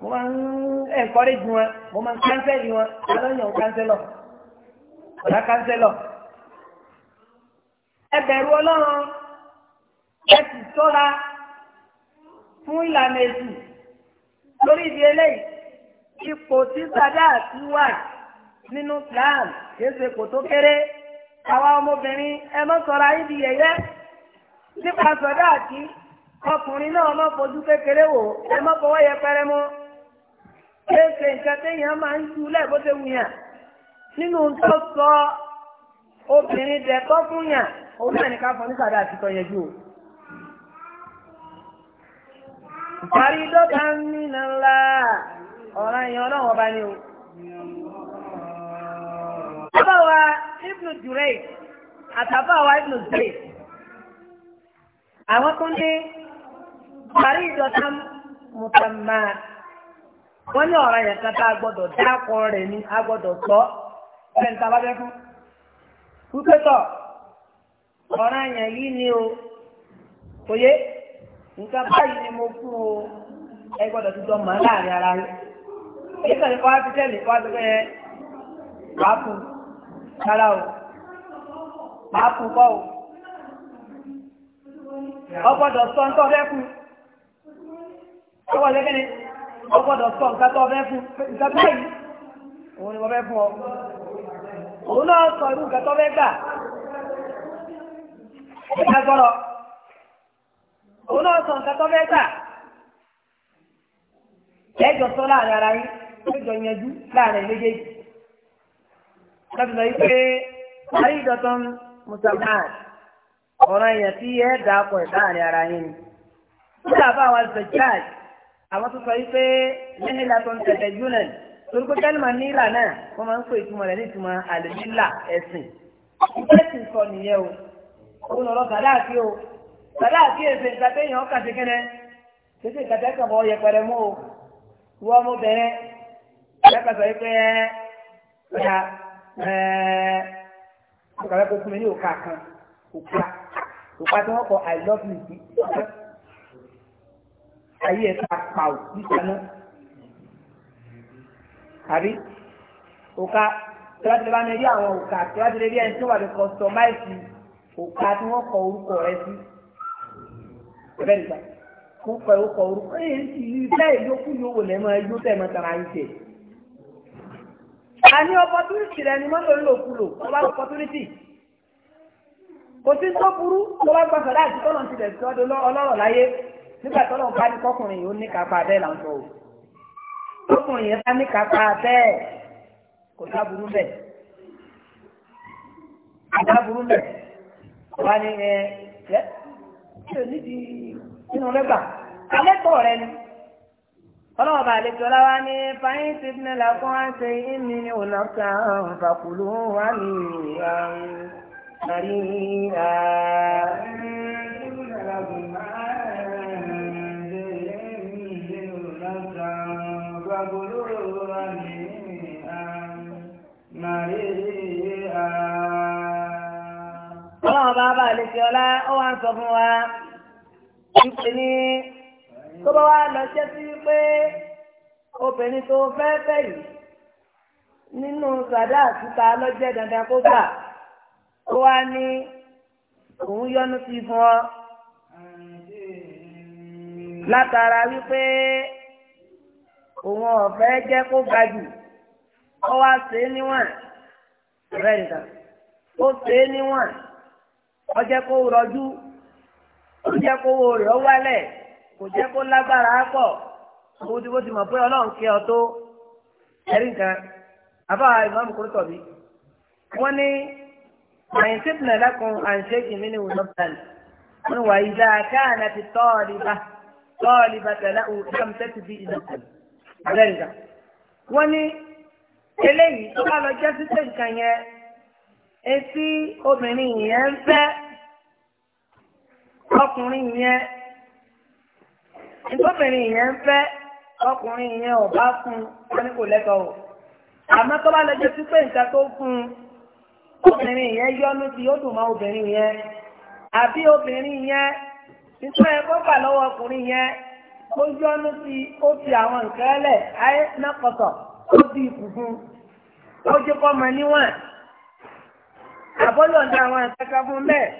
mo máa ń mo máa ń kánsẹ́lì wọn alọ́yàn kánsẹ́lọ̀ ọ̀dà kánsẹ́lọ̀ ẹ bẹ̀rù ọlọ́run ẹ sì tọ́ra fún ìlànà èsì lórí ìdí eléyìí ipò tí sàdáàtì wà nínú Islam kìí ṣe kò tó kéré àwa ọmọbìnrin ẹ mọ́ sọ̀rọ̀ ayé di yẹ̀yẹ́ nípa sàdáàtì ọkùnrin náà mọ́ fojú kékeré wò ẹ mọ́ fọwọ́ yẹpẹrẹ mọ́ kéèké nǹkan téèyàn máa ń ju lẹ́ẹ̀bó wù yàn nínú tó sọ obìnrin dẹ̀kọ́ fún yàn òun náà ní fọ nísàdá àtìkọ yẹn jù Ìparí dọ́ta ń nínà ńlá ọ̀ràn yẹn ọlọ́run ọba ni o. Bàbá wa Ibnu Jurayj àtàbà wa Ibnu Jurayj. Àwọn tó ní parí dọ́ta mùtàmáà. wọ́n ní ọ̀ràn yẹn agbọdọ dị ni a gbọ́dọ̀ sọ ẹ̀ ń tabajẹ́ o kò nke nǹkan báyìí ni o ẹ gbọ́dọ̀ ti dọ̀ ara rẹ̀. èyí kan ní kọ́ á ti tẹ̀lé kọ́ o o ọ sọ wọ́n sọ nǹkan tó fẹ́ fún nǹkan báyìí òun ni mo fẹ́ fún ọ. òun náà sọ irú nǹkan tó fẹ́ gbà ẹ̀ka gbọ́dọ̀ òun náà sọ nǹkan tó gbà ẹ̀jọ̀ sọ láàrin ara yín ẹ̀jọ̀ yanjú láàrin méjèèjì. láti yìí pé ayé ọ̀ràn tí ẹ̀ dà láàrin ara yín ni. bá wa jáde. àwọn tó sọ yìí pé nílá tó ń tẹ̀tẹ̀ júnà torí pé kẹ́lìmọ̀ nílà náà wọ́n máa ń pè ìtumọ̀ rẹ̀ ní ìtumọ̀ àlèmílà ẹ̀sìn ìgbésìn sọ nìyẹn o ó lọ sàdáàkì o sàdáàkì èsè ìgbàtẹ́ èèyàn kà sí kẹ́nẹ́ kéṣe ìgbàtẹ́ kàn bọ́ yẹpẹrẹ mú o wọ́n mú bẹ̀rẹ̀ lẹ́kọ̀ọ́ sọ yìí pé ọ̀dà ẹ̀ẹ́ ọ̀kàwé kó fún mi ní òkà kan òkà òkà tí wọ́n kọ i love you ayé ẹ̀ ta pàù níta náà àbí òka tíwájú bá mi rí àwọn òka tíwájú lè rí ẹni tí wọ́n wà ní kọ́sọ̀máìsì òka tí wọ́n kọ orúkọ rẹ sí ẹ̀bẹ̀ nígbà kó kọ orúkọ orúkọ ẹ̀yìn sì bẹ́ẹ̀ yókù yóò wò lẹ́mọ ẹjọ́ tẹ̀ mọ́ tara yín tẹ̀. àní opportunity rẹ ni mọ́tò ń lò kúlò tó bá opportunity kò sí tó burú tó bá gbàgbọ́ láti tọ́nà ti dẹ̀ sí ọlọ́rọ̀ láyé nígbà tó lọ́n bá ní kọkùnrin yìí ó ní kápá bẹ́ẹ̀ là ń sọ o kọkùnrin yẹn bá ní kápá bẹ́ẹ̀ kò sábúrú bẹ́ẹ̀ kò bẹ́ẹ̀ wà ní ẹ ẹ ṣe nídìí nínú rẹ́gbà alẹ́ tọ̀ rẹ ni ọlọ́wọ́ bá lè tọ́lá wá ní fáyín ti ní làkún á ṣe ìmí ní ọ̀nà kan fàkùlù wà ní ìhà rí i.
Ọlọ́run
bá bá lè fi ọlá ó wá ń sọ fún wa. Ìpè ní tó bá wá lọ ṣẹ́ sí pé obìnrin tó fẹ́ fẹ́ yìí nínú sàdá àtúta lọ́jẹ́ dandan kó gbà. Ó wá ní òun yọnu sí fún ọ. Látara wípé òun ọ̀fẹ́ jẹ́ kó ga jù ọ wá ṣe é níwọ̀n rẹ̀ nǹkan ó ṣe é níwọ̀n ó jẹ́ kó rọjú ó jẹ́ kó wo rẹ̀ ó wálẹ̀ kò jẹ́ kó lágbára pọ̀ owó tí bó ti mọ̀ pé ọlọ́run kí ọ tó ẹ̀rí nǹkan àbáwá ìmọ̀ọ́mù kúrò tọ̀ wọ́n ní àyìnṣẹ́tìnà lákun àyìnṣẹ́kì mi ní wùdọ́ bàlẹ̀ wọ́n wà ìdá káà náà ti tọ́ọ̀lì bá tọ́ọ̀lì bá tẹ̀lé òun kí tẹ́tù bí ìdọ́kùnrin abẹ́ǹda wọ́n ní eléyìí tó bá lọ jẹ́ sípé nǹkan yẹn etí obìnrin yẹn ń fẹ́ ọkùnrin yẹn ìtọ́bìnrin yẹn ń fẹ́ ọkùnrin yẹn ò bá fún wọn ní kò lẹ́tọ̀ọ́ àmọ́ tó bá lọ jẹ́ sípé nǹkan tó fún obìnrin yẹn yọnu tí ó dùn mọ́ obìnrin yẹn àbí obìnrin yẹn nítorí ẹ̀kọ́ gbà lọ́wọ́ ọkùnrin yẹn ó yọ́nú sí ó fi àwọn nǹkan ẹlẹ̀ ayé nákọ̀tọ̀ ó di ìkùnkùn ó jẹ́ kọ́ mọ níwọ̀n àbọ́lọ̀ ń da àwọn ìkẹ́kẹ́ fún bẹ́ẹ̀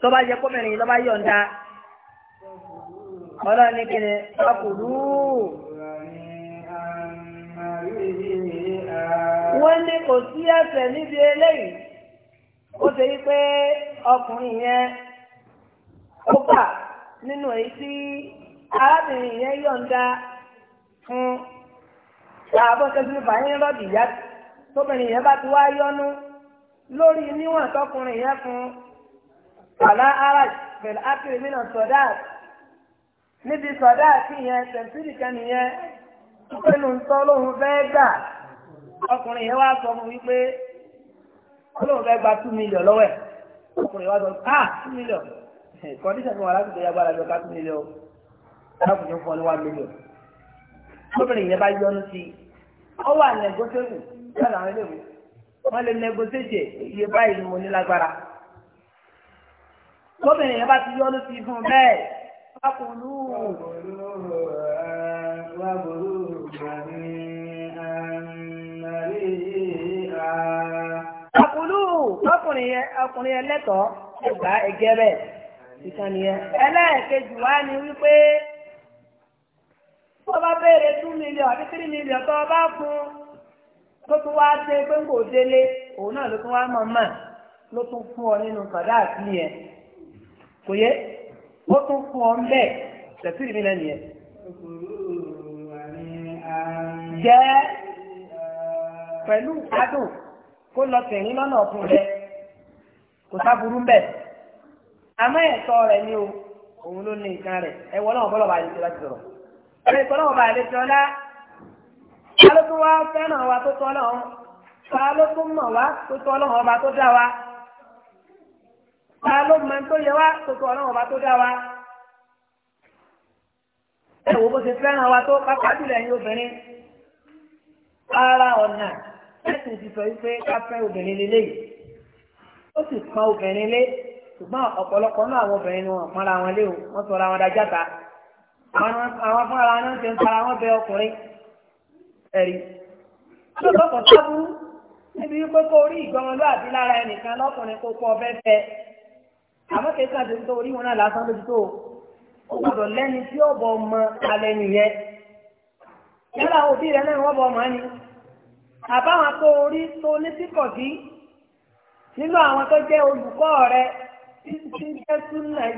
tó bá jẹ́ kọ́mẹ̀rin lọ́ba yọ̀ǹda ọlọ́ọ̀ni kìnnì ọkùnrin wọ́n ní kò sí ẹ̀ṣẹ̀ níbi eléyìí ó ṣe wípé ọkùnrin yẹn ó gbà nínú èyí tí arábìnrin yẹn yọ̀ǹda fún làbọ̀ tẹ́sí fàáyín rọ́ọ̀dì ìyá tóbìnrin yẹn bá ti wá yọ́nú lórí níwọ̀n tọkùnrin yẹn fún àlá ara bẹ̀rẹ̀ ákìrì mí náà sọ̀dá níbi sọ̀dá àti ìyẹn tẹ̀síìlì kan nìyẹn ìpinnu ńtọ́ lóhun fẹ́ gbà ọkùnrin yẹn wá sọ fún wípé olóhùn fẹ́ gba two million lọ́wọ́ ẹ̀ ọkùnrin wá sọ ah two million kọ́ndíṣàn ni wọ́n aláṣẹ ìgbéyàwó alájọ ká tún nílẹ̀ o fún ọ ní one million yẹn bá yọnu sí i ọ wà nẹgọsẹ́wù lọ́dọ̀ àwọn ilé ìwé wọ́n lè nẹgọsẹ́jẹ̀ iye báyìí ni mo ní lágbára lóbìnrin yẹn bá ti yọnu sí i fún bẹ́ẹ̀ wákùnlù. Akùnlù ọkùnrin yẹn lẹ́tọ̀ọ́ ẹgbàá ẹgẹ́ ìkànnì yẹn. ẹlẹ́ẹ̀kejì wá ni wípé tó bá béèrè two million àbí three million tó bá fún tó tún wá dé pé ń kò délé òun náà ló tún wá mọ̀ mọ̀ ló tún fún ọ nínú kàdá kò ó tún fún ọ ń bẹ̀ mi jẹ́ pẹ̀lú kó lọ àmọ́ ẹ̀tọ́ rẹ̀ ni o òun ló ní nǹkan rẹ̀ ẹ wọ náà bọ́lọ̀ bá yẹn ti láti sọ̀rọ̀ ẹ kọ́ náà bá yẹn ti ọlá alókùn wa fẹ́ràn wa tó tọ́ lọ́hún fa alókùn mọ̀ wa tó tọ́ lọ́hún ọba tó dá wa fa alókùn tó yẹ wa tó tọ́ lọ́hún ọba tó dá wa ẹ wo bó ṣe fẹ́ràn wa tó pápá jùlọ ẹ̀yin obìnrin ara ọ̀nà ẹ̀sìn ti sọ wípé ká fẹ́ obìnrin lélẹ́yìí ó sì kan obìnrin lé ṣùgbọ́n ọ̀pọ̀lọpọ̀ náà àwọn obìnrin ni wọ́n pọ́nra wọn lé o wọ́n sọ̀rọ̀ àwọn adájáta àwọn fúnra wọn ti ń fara wọn bẹ ọkùnrin ẹ̀rí. lọ́pọ̀ sábúrú níbi wípé kó rí ìgbọmọlúàbí lára ẹnìkan lọ́kùnrin kó kọ́ ọbẹ̀ fẹ́ àmọ́ kéka tó ń tó orí wọn náà lásán lójú tó o gbọ́dọ̀ lẹ́ni tí ó bọ̀ ọmọ alẹ́ nìyẹn. yálà òbí rẹ náà wọ́n bọ̀ ọmọ ni àbáwọn tó orí tó ní síkọ̀ sí nínú àwọn tó jẹ́ olùkọ́ rẹ títí ń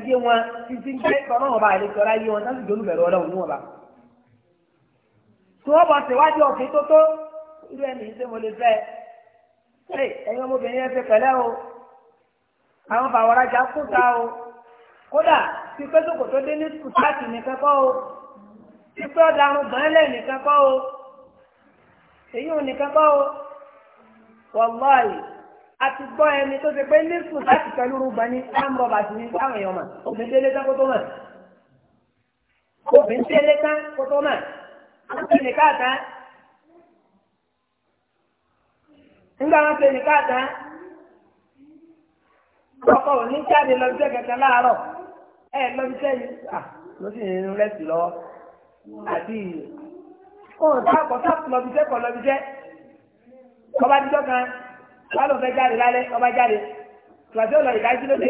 jẹ́ wọn títí ń jẹ́ ọba àlejò ọ̀la wọn láti jẹ́ olùbẹ̀rẹ̀ ọlọ́run wọn bá. tí wọ́n bọ̀ síwájú ọ̀kẹ́ irú ẹni ṣé mo lè fẹ́ ẹ ẹ̀yin ọmọbìnrin o àwọn kúta o kódà tí tó dé ní nìkan o tí a ti gbọ́ ẹni tó ṣe pé nífù láti pẹ̀lú rúgbà ní amrọ̀bà sí ní táwọn èèyàn mà òfin délé tán kó tó mà òfin délé tán kó tó mà àti nìkan àtà nígbà wọn ṣe nìkan àtà ọkọ ò ní jáde lọ iṣẹ́ kẹ̀kẹ́ láàárọ̀ ẹ lọ iṣẹ́ yìí à ló sì ń rẹ́sì lọ àti kò sáà kò lọ iṣẹ́ kò lọ iṣẹ́ kọ́ bá dídọ́ kan wọ́n fẹ́ jáde lálẹ́ ọba jáde tùwàtí ọlọ́ ìdájí lóde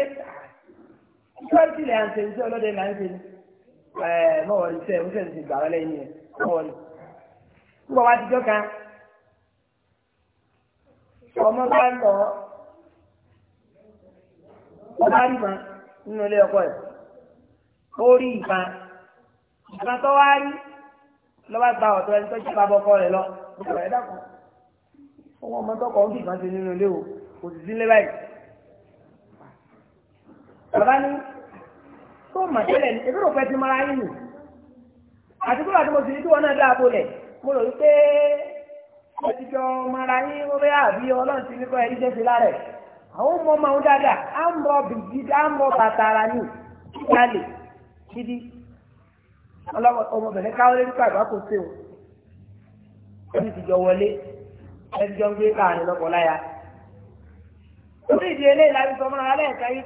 twenty lè àǹtẹ̀ ní sí ọlọ́dẹ náà ń ṣe ẹ̀ mọ̀ wọ́n ṣe ń ṣe gbà wọ́n lẹ́yìn yẹn mọ̀ wọ́n nígbà wá ti jọ́ka ọmọ bá ń lọ ọba rí ma nínú ilé ọkọ ẹ̀ ó rí ìfà ìfà tó wá rí lọ́wọ́ gba ọ̀dọ́ ẹni tó jẹ́ bá bọ́kọ rẹ̀ lọ ọmọ ọmọ tọkọ ń bìkan ti nínú ilé o kò sì sílé báyìí. bàbá ní tó mà tẹ́lẹ̀ ní ebí òpẹ́ ti mara yín nù àti kúrò àti mo sì ní kí wọn náà dá abo lẹ̀ mo rò wípé mo ti jọ mara yín mo bẹ́ẹ̀ àbí ọlọ́run ti ní kọ́ ẹni jẹ́ sí lára ẹ̀ àwọn ọmọ ọmọ ọ̀hún dáadáa á ń bọ bìbí á ń bọ bàtàrà ní ìyáálé gidi ọlọ́mọbìnrin káwọlé nípa àgbà kò sí o ó ẹjọ́ ń gbé láàrin lọ́pọ̀ láya. Orí eléyìí la fi sọ mọ́ra lẹ́ẹ̀ka yí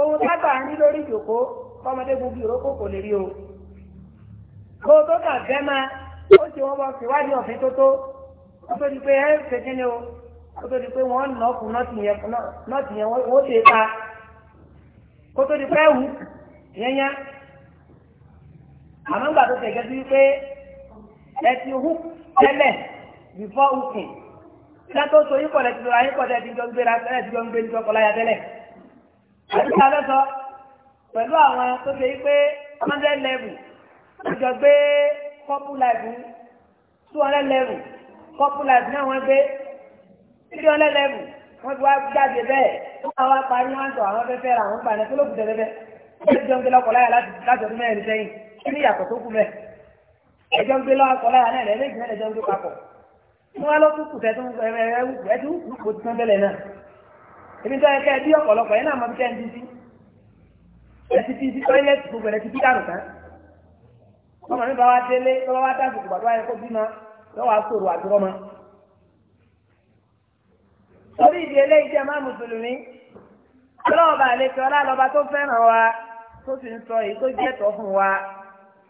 ohun tábà ń rí lórí ìjòkó kọ́mọdé gbogbo ìrókò kò lè o. Kó o tó kà fẹ́ máa ó ti wọ́n bọ́ síwádìí ọ̀fin tó tó ó tó di o ó tó di pé wọ́n ń nọ́ọ̀kù nọ́ọ̀tì yẹn wọ́n ti ta kó tó di pé ẹ̀wù yẹn Àmọ́ ń gbà tó before hooking sẹ́tọ́ so yín kọ̀lẹ́ ti lọ ayé kọ̀lẹ́ ti jọ ń gbéra ẹ̀ ti jọ ń gbé ní ọkọ̀ láyà tẹ́lẹ̀ àti ká lọ́sọ pẹ̀lú àwọn tó ṣe pé hundred level ìjọ gbé couple life two hundred level couple life náà wọ́n gbé three hundred level wọ́n ti wá jáde bẹ́ẹ̀ wọ́n wá parí wọ́n sọ àwọn fẹ́fẹ́ ra àwọn pàdé tó ló kùtẹ̀ fẹ́fẹ́ wọ́n ti jọ ń gbé lọ́kọ̀ láyà láti ọdún mẹ́rin sẹ́yìn kí ni ìyàtọ̀ tó kù mẹ́ ẹ̀jọ̀ ń gbé lọ́kọ̀ láyà náà lẹ́yìn ìgbìmọ̀ ẹ̀jọ̀ ń gbé papọ̀ wọ́n lọ tún kù tẹ́tún ẹ̀ẹ́dún kò tún bẹ́lẹ̀ náà ebi tó yẹ kẹ́ bí ọ̀pọ̀lọpọ̀ yẹn náà mọ bí kẹ́ ń di sí ẹtì tí ti tọ́ílẹ̀tì gbogbo ẹ̀rẹ́ ti fi dànù tán ọmọ mi bá wa délé lọ́wọ́ wa dàgbò gbogbo àdúrà yẹn kó bímọ lọ́wọ́ asòrò àdúrà mọ́ torí ìdí eléyìí jẹ́ máa mùsùlùmí ọlọ́ọ̀bà àlejò ọlá lọ́ba tó fẹ́ràn wa tó sì ń sọ èyí tó jẹ́ tọ́ fún wa.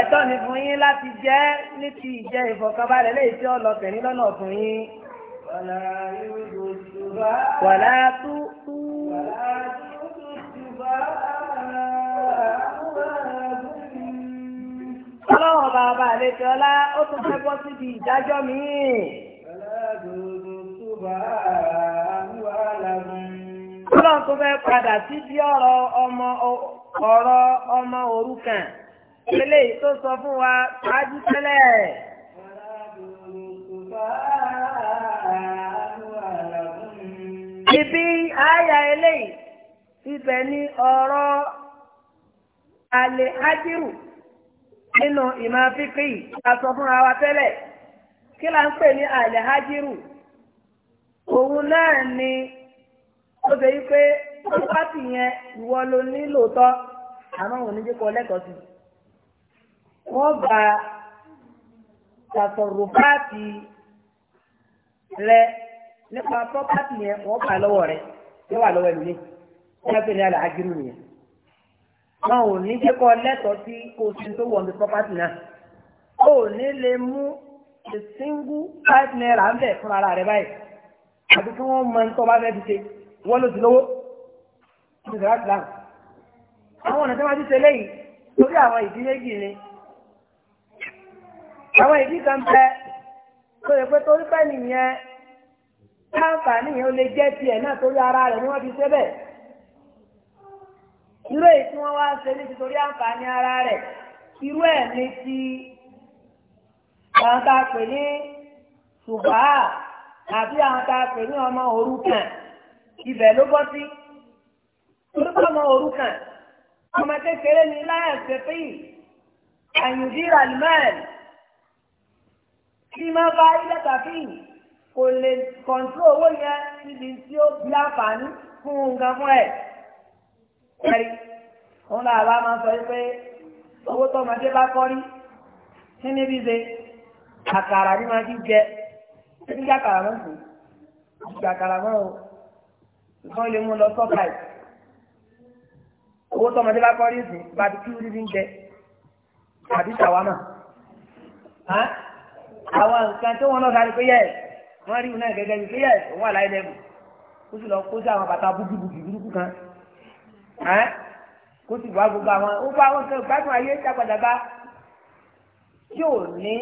ẹ̀tọ́ ni fún yín láti jẹ́ ní ti ìjẹ ìfọ̀kànbalẹ̀ léyìí tí ó lọ tẹ̀ ní lọ́nà ọ̀tún yín. wàlá tú tú. ọlọ́run bàbá àlejò ọlá ó tún fẹ́ bọ́ síbi ìdájọ́ mi wàlá tó tó ọlọ́run tó fẹ́ padà sí bí ọ̀rọ̀ ọmọ ọ̀rọ̀ ọmọ òrukàn eléyìí tó sọ fún wa ṣáájú tẹ́lẹ̀. ibi àyà eléyìí ibẹ̀ ni ọ̀rọ̀ àlè ájírù nínú ìmọ̀ fíkì a sọ fúnra wa tẹ́lẹ̀ kí là ń pè ní àlè ájírù ni. ó ṣe yí pé pátì yẹn ìwọ ló ní lóòótọ́ àmọ́ òun ní kíkọ lẹ́kọ̀ọ́ sí i wọ́n bá ṣàṣọ̀rọ̀ pátì rẹ nípa pọ́pátì yẹn wọ́n bá lọ́wọ́ rẹ yóò wà lọ́wọ́ ẹlòmíì wọ́n pè ní aláàgírù nìyẹn wọn ò ní kíkọ lẹ́tọ̀ọ́ sí kó o ṣe tó wọ̀ ní pọ́pátì náà ó ní lè mú a single five naira ń bẹ̀ fún ara rẹ báyìí àbí kí wọ́n mọ ní tọ́ bá fẹ́ fi ṣe wọ́n ló ti lówó ní ìsọ̀rọ̀ àti láàmù. àwọn ọ̀nà tó máa ti ṣe léyìí lórí àwọn ìdí méjì ni. àwọn ìdí kan bẹ tó yẹ pé torí pẹ́ nìyẹn láǹfààní yẹn ó lè jẹ́ tiẹ̀ náà torí ara rẹ̀ ni wọ́n fi ṣe bẹ́ẹ̀. irú èyí tí wọ́n wá ṣe ní títorí àǹfààní ara rẹ̀ irú ẹ̀ ní ti àwọn tá a pè ní ṣùgbọ́n àbí àwọn tá a pè ní ọmọ òrukàn ibẹ̀ ló bọ́ sí orúkọ ọmọ òrukàn ọmọ kékeré ni láyà ṣẹfìn àyùndí ralimán tí máa bá ilé tàbí kò lè kọ̀ǹtró owó yẹn síbi tí ó bí àǹfààní fún nǹkan fún ẹ̀ ẹ̀rí òun náà bá máa sọ pé owó tọmọdé bá kọ́ rí sí níbi ṣe àkàrà ní máa ti jẹ ẹni jàkàrà mọ́ sí jàkàrà mọ́ o wọ́n lè mú lọ sọ́kà yìí owó tọmọdé bá kọ́rí ìsìn bàbí kí orí fi ń jẹ àbí ṣàwámà àwọn nǹkan tí wọ́n náà sáré pé yẹ wọ́n rí iná gẹ́gẹ́ bíi pé yẹ òun wà láyé lẹ́bù kó sì lọ kó sí àwọn bàtà bújúbújú burúkú kan kó sì wá gbogbo àwọn ó bá wọn sọ gbádùn ayé ṣàgbàdàgbà tí ò ní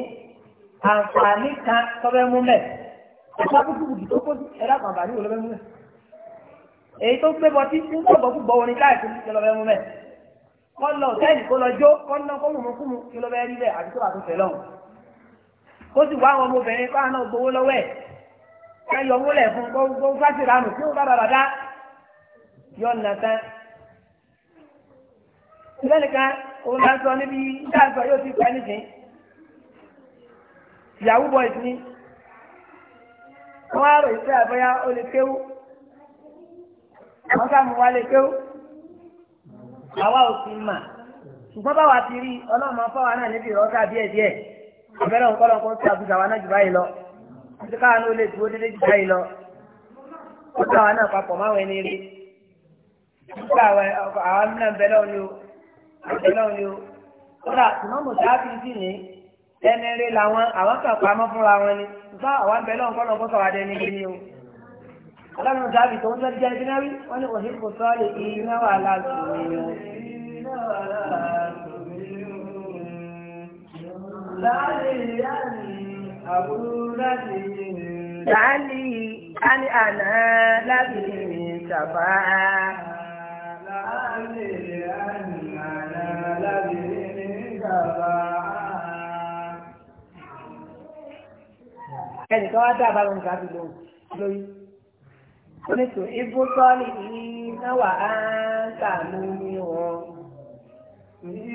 àǹfààní kan tọ́fẹ́ mú mẹ́ ẹ̀ka bújúbújú tó kó ẹ̀dá kan àǹfààní wò lọ́fẹ́ mú mẹ́ èyí tó gbé bọtí tí ń gbọ́ gbọ́ orin káàkiri kí lọ́bẹ̀ mú mẹ́ kọ́ lọ tẹ́ẹ̀lì kó lọ jó kọ́ ná kó mú kú mu kí lọ́bẹ̀ rí bẹ́ẹ̀ àti tó bá tó fẹ́ lọ́hùn. ó sì wá àwọn ọmọbìnrin káwọn náà gbowó lọ́wọ́ ẹ̀ ká yọ owó lẹ̀ fún kó fásitì ránù kí ó bá bàbá dá yọ ọ̀nà tán. ìlẹ́nìkan òun náà sọ níbi dáàbà yóò ti pẹ́ nísìn ìyàwó bọ̀ ìsìn wọ́n ká mú wálé kéwú àwa ò sì mà ṣùgbọ́n báwa ti rí fáwa náà níbi díẹ̀ díẹ̀ ìbẹ̀rẹ̀ tí wa lọ àti káwọn dúró délé jù báyìí lọ ó ká wa náà papọ̀ máwọn ẹni rí nígbà àwọn náà bẹ lọ́wọ́ ni o bẹ lọ́wọ́ ni o kódà tùmọ̀mù sáfì sí ni ẹni rí làwọn àwọn pamọ́ fúnra wọn ni àwọn aláàrùn tàbí tó ń tẹ́lẹ̀ jẹ́ gínáwí wọ́n ní òṣèlú kò sọ́ọ́ iná wà Ẹnìkan wá dábàá lóhun tàbí lóhun lórí. onítò ibú sọ́ọ̀lì yìí náà á ń sàánú ní wọn.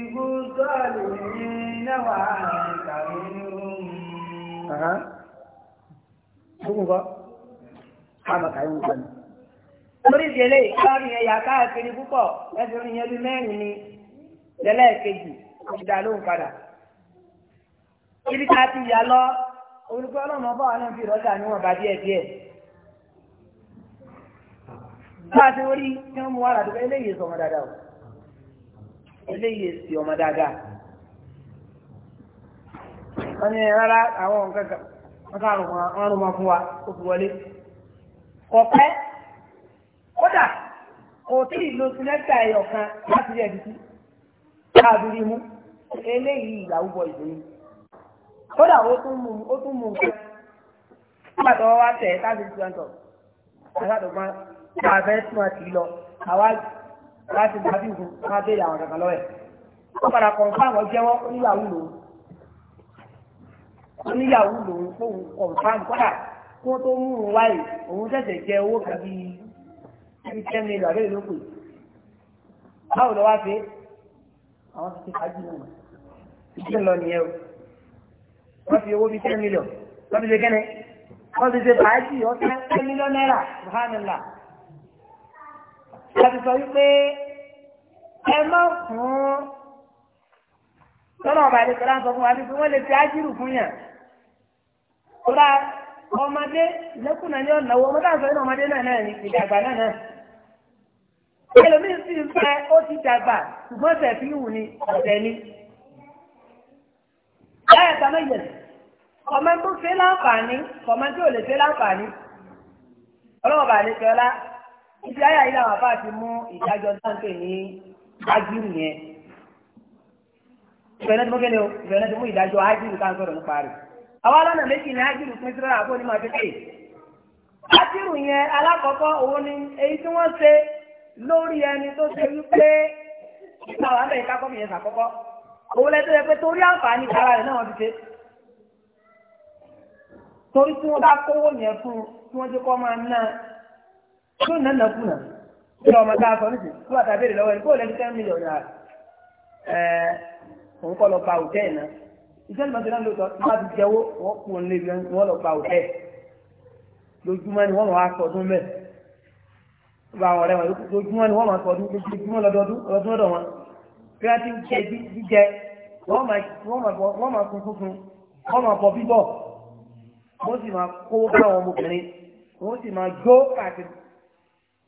ibú sọ́ọ̀lì yìí náà á ń sàánú ní wọn. Bukun kọ́, a ma kàyé nǹkan ni. Lórí ìdílé ìkọ́rin yẹn káàkiri púpọ̀, ẹsẹ̀ orin yẹn bí mẹ́rin ni lẹ́lẹ́ẹ̀kejì ìdá ló ń padà. Ibi ká ti yà lọ, olùkọ́ ọlọ́mọ bá wà náà fi ìrọ́jà níwọ̀nba díẹ̀díẹ̀. bá a ti rí kí wọ́n mú wàrà dùgbà eléyìí sọ ọmọ dáadáa o eléyìí sì ọmọ dáadáa wọ́n ní rárá àwọn nǹkan kan wọ́n ká àrùn wọn fún wa ó fi wọlé kọ̀pẹ́ kódà kò tí ì lo sinẹ́tà ẹ̀yọ̀ kan láti rí ẹ̀dùkú káàdúrí mú eléyìí ìyàwó bọ̀ ìdùnnú kódà ó tún mú ó tún mú nǹkan nígbà tó wá tẹ̀ ẹ́ káàdúrí tuntun àgbàdo máa máa fẹ́ súnmọ́ sí lọ àwa láti gbàdí ìhùn máa béèrè àwọn kankan lọ́wọ́ ẹ̀. ó padà kọ̀ǹfàmù jẹ́wọ́ oníyàwó lòun oníyàwó lòun fóun kọ̀ǹfàmù kọ́dà kó tó mú un wáyé òun ṣẹ̀ṣẹ̀ jẹ owó kan bíi bíi ten million àbẹ́rẹ́ ló pè. báwo lọ wá ṣe àwọn ti ṣe fàájì náà ìṣe ń nìyẹn o wọ́n fi owó bíi ten million wọ́n ṣe kẹ́ni wọ́n fi ṣe fàájì ọ̀sán ten million naira subhanallah láti sọ wípé ẹ má fún tọ́lá ọba ìlẹ̀kọ́ láǹsọ fún wa ní pé wọ́n lè fi ájírù fún yàn kódà ọmọdé ìlẹ́kùnà ní ọ̀nà ọmọdé àgbà náà ọmọdé náà náà ní ìdàgbà náà náà ẹlòmíín sì ń fẹ́ ó ti dàgbà ṣùgbọ́n ṣẹ̀ fi wù ní ọ̀sẹ̀ ni láyà tá mẹ́yẹ̀ ọmọ tó ṣe láǹfààní ọmọ tí ò lè ṣe láǹfààní ọlọ́wọ́ bàálẹ̀ ṣọlá ibi ayé àyè làwọn àbá ti mú ìdájọ́ dáńpé ní ágírù yẹn ìfẹ̀lẹ́ tó kéde o ìfẹ̀lẹ́ tó mú ìdájọ́ ágírù ká ń sọ̀rọ̀ nípa rẹ̀ àwa lọ́nà méjì ní ágírù pín síra àbó ní màkẹ́kẹ́ ágírù yẹn alákọ̀ọ́kọ́ òun ni èyí tí wọ́n ṣe lórí ẹni tó ṣe wípé ìtawà ń bẹ̀rẹ̀ kákọ́ yẹn sàkọ́kọ́ òun lẹ́tọ́ yẹ pé torí àǹfààní ara rẹ̀ náà wọ́n ti ṣe torí tí wọ́n bá kówó yẹn fún un tí wọ́n jẹ́ kọ́ máa ná tó nà nà kùnà kí ọmọ tá a sọ nísìnyí tó àtà béèrè lọ́wọ́ ẹni kó lẹ́ni ten million náà ẹ̀ òun kọ́ lọ pa òjẹ́ ìná iṣẹ́ ìmọ̀ ìṣẹ́lẹ̀ lóòótọ́ tí wọ́n ti jẹ́wọ́ wọ́n kú òun lébi wọ́n lọ pa òjẹ́ lójúmọ́ ni wọ́n máa sọdún mẹ́ bá àwọn ọ̀rẹ́ wọn lójúmọ́ ni wọ́n máa sọdún lójúmọ́ lọ́dọọdún lọ́dún ọ̀dọ̀ wọn bí wọ́n ti ń jẹ jíjẹ wọ́n máa fún sì máa kó báwọn ọmọbìnrin wọ́n sì máa jó káàkiri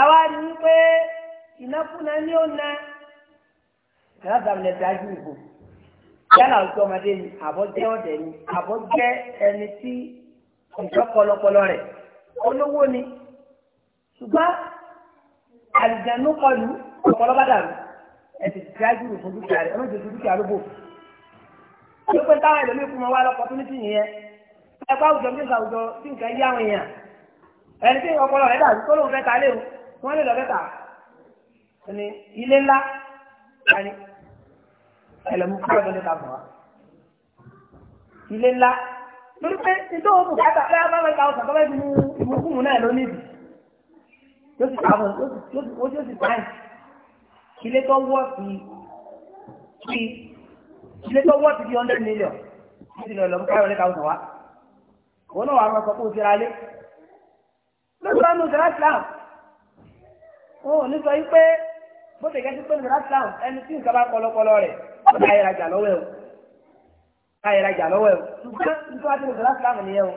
àwa rí i pé ìnákúná ní ó na ìlàdàmìlẹ̀ dájú ìbò yálà ojú ọmọdé ni àbọ̀jẹ́ ọ̀dẹ̀ ni àbọ̀jẹ́ ẹni tí ìjọ pọlọpọlọ rẹ̀ olówó ni ṣùgbọ́n àlìjẹ̀nú kọlu ọpọlọ bá dàrú ẹ̀sìn dájú ìbò fún dúkìá rẹ̀ ọlọ́dún ìbò dúkìá ló bò ló pé táwọn ẹlòmíì fún wọn wá lọ́pọ̀ tó ní tì yẹn ẹgbẹ́ àwùjọ ní ìsàwùjọ tí nǹkan yá àwọn èèyàn ẹni tí ọpọlọ rẹ̀ dàrú tó lóun fẹ́ ta wọ́n lè lọ bẹ́tà ní ilé ńlá ẹni ẹlẹ́mú fún ọdún níta bọ̀ wá ilé ńlá lórí pé nítorí wọn kò kẹta pé abáwọ ìta ọsàn tó bẹ ti mú ìmúkúmù náà ló níbi yóò sì pàmò yóò sì pàmò ilé tó wọ́ sí sí ilé tó wọ́ sí bí hundred million ní ti lọ lọ káyọ̀ níta ọsàn wá wọn náà wà á rọ sọ pé o ti ra lé lọ́sọ̀rọ̀ ní o ti ra islam wọn ò ní sọ yí pé bó ti gẹ́sí pé nìyàrá islam ẹni tí nǹkan bá kọlọkọlọ rẹ̀ káyẹ̀rajà lọ́wọ́ ẹ̀ o káyẹ̀rajà lọ́wọ́ ẹ̀ o ṣùgbọ́n nítorí wá sí nìyàrá islam nìyẹn o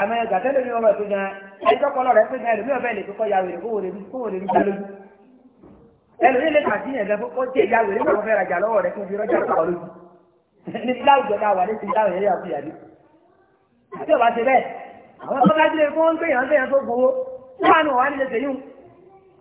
àmọ́ ẹ̀gà tẹ́lẹ̀ mi ọ̀rọ̀ tó gan ẹjọ́ kọlọ rẹ̀ pé gan ẹlòmíràn bẹ́ẹ̀ lè fi kọ́ ya wèrè kówó lè fi kówó lè fi já lójú ẹlòmíràn lè kà sí yẹn gan kó tẹ̀ ya wèrè kó fẹ́ rajà lọ́wọ́ rẹ̀ kó fi rọ́jà kọ̀ lójú ní láwùjọ náà wà ní ti láwùjọ yẹn àti ìyàdí àti ọ̀bá ṣe bẹ́ẹ̀ àwọn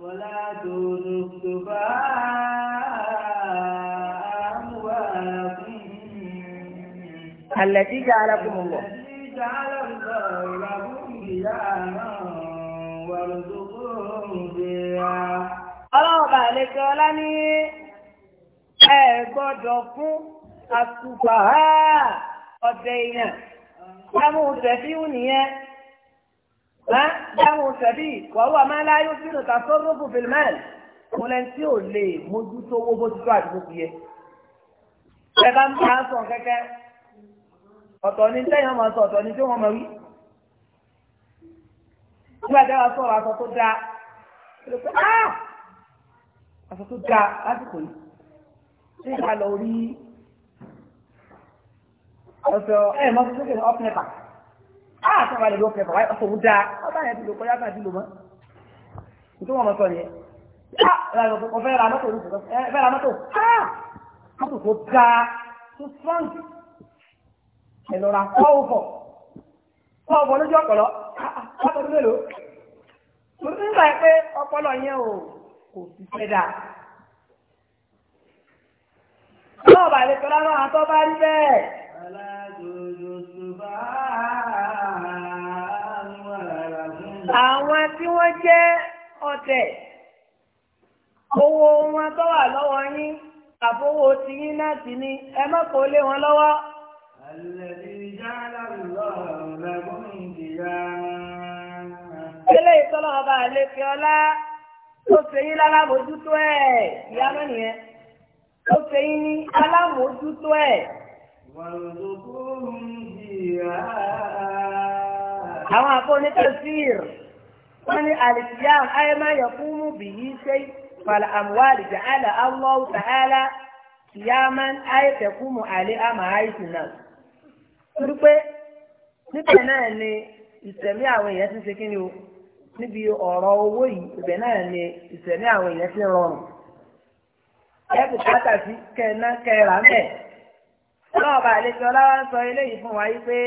ولا تؤتوا السفهاء أموالكم التي جعلكم الله التي جعل الله لكم قياما وارزقوهم فو ọlọ́ọ̀bà àlejò ọlá ní ẹ gbọ́dọ̀ má dáhùn sẹ́bí wàhùn àmọ́ aláyé sínú tasọ́rọ́bù fìlmẹ́ẹ̀lì mo lẹ́ni tí ò lè mójútó owó bó ti tó àdúgbò fi yẹ. ẹ bá ń bá sọ kẹ́kẹ́ ọ̀tọ̀ ni tẹ́yìn ọmọ sọ ọ̀tọ̀ ni tí wọ́n mọ wí. nígbà tí wọ́n sọ̀rọ̀ aṣọ tó dáa ah! aṣọ tó dáa lásìkò yìí ṣé ìta lọ rí ọ̀sọ̀ ẹ̀ àti àwọn àlejò fẹ́ bàbá ọkọ̀ òun ọba yẹn ti lò kọjá náà ti lò mọ́ nítorí wọn sọ yẹn ọfẹ́ ra mọ́tò ọfẹ́ ra mọ́tò mọ́tò tó dáa tó strong ẹ lọ ra fọ́ọ̀ oh fọ̀ oh lójú ọ̀pọ̀lọ́ mọ́tò tó mélòó nígbà pé ọpọlọ yẹn o kò sí fẹ́ dáa náà bàlẹ̀ tó àtọ́ bá rí bẹ́ẹ̀. alájòjò ṣùgbọ́n. wọ́n jẹ́ ọ̀tẹ̀ owó wọn tó wà lọ́wọ́ yín àbówó ti yín náà sì ni ẹ má kó lé wọn lọ́wọ́. Ilé ìtọ́lọ́ ọba àlefẹ́ ọlá tó ṣe yín lálábòjútó ẹ̀ ìyá mẹ́rin yẹn. Ó ṣe yín ní alábòjútó ẹ̀. Àwọn àpò onítẹ̀síìrì. wọ́n ní alìsíyàm kumu yẹ̀kúmú bìyí ṣe fàlà àmúwádìí jàálà ta'ala kìyàmán ayéfẹ̀kúmù àlẹ́ àmà àìsùn náà. torí pé níbẹ̀ náà ni ìsẹ̀mí àwọn èèyàn ti ṣe ni o nibi oro owo yi ibẹ̀ naa ni ìsẹ̀mí awon èèyàn ti rọrùn. ẹ bùkátà sí kẹ́ẹ̀ná kẹ́ẹ̀rà mẹ́ẹ̀ àlejò ọlọ́wọ́ sọ eléyìí fún wa yí pé.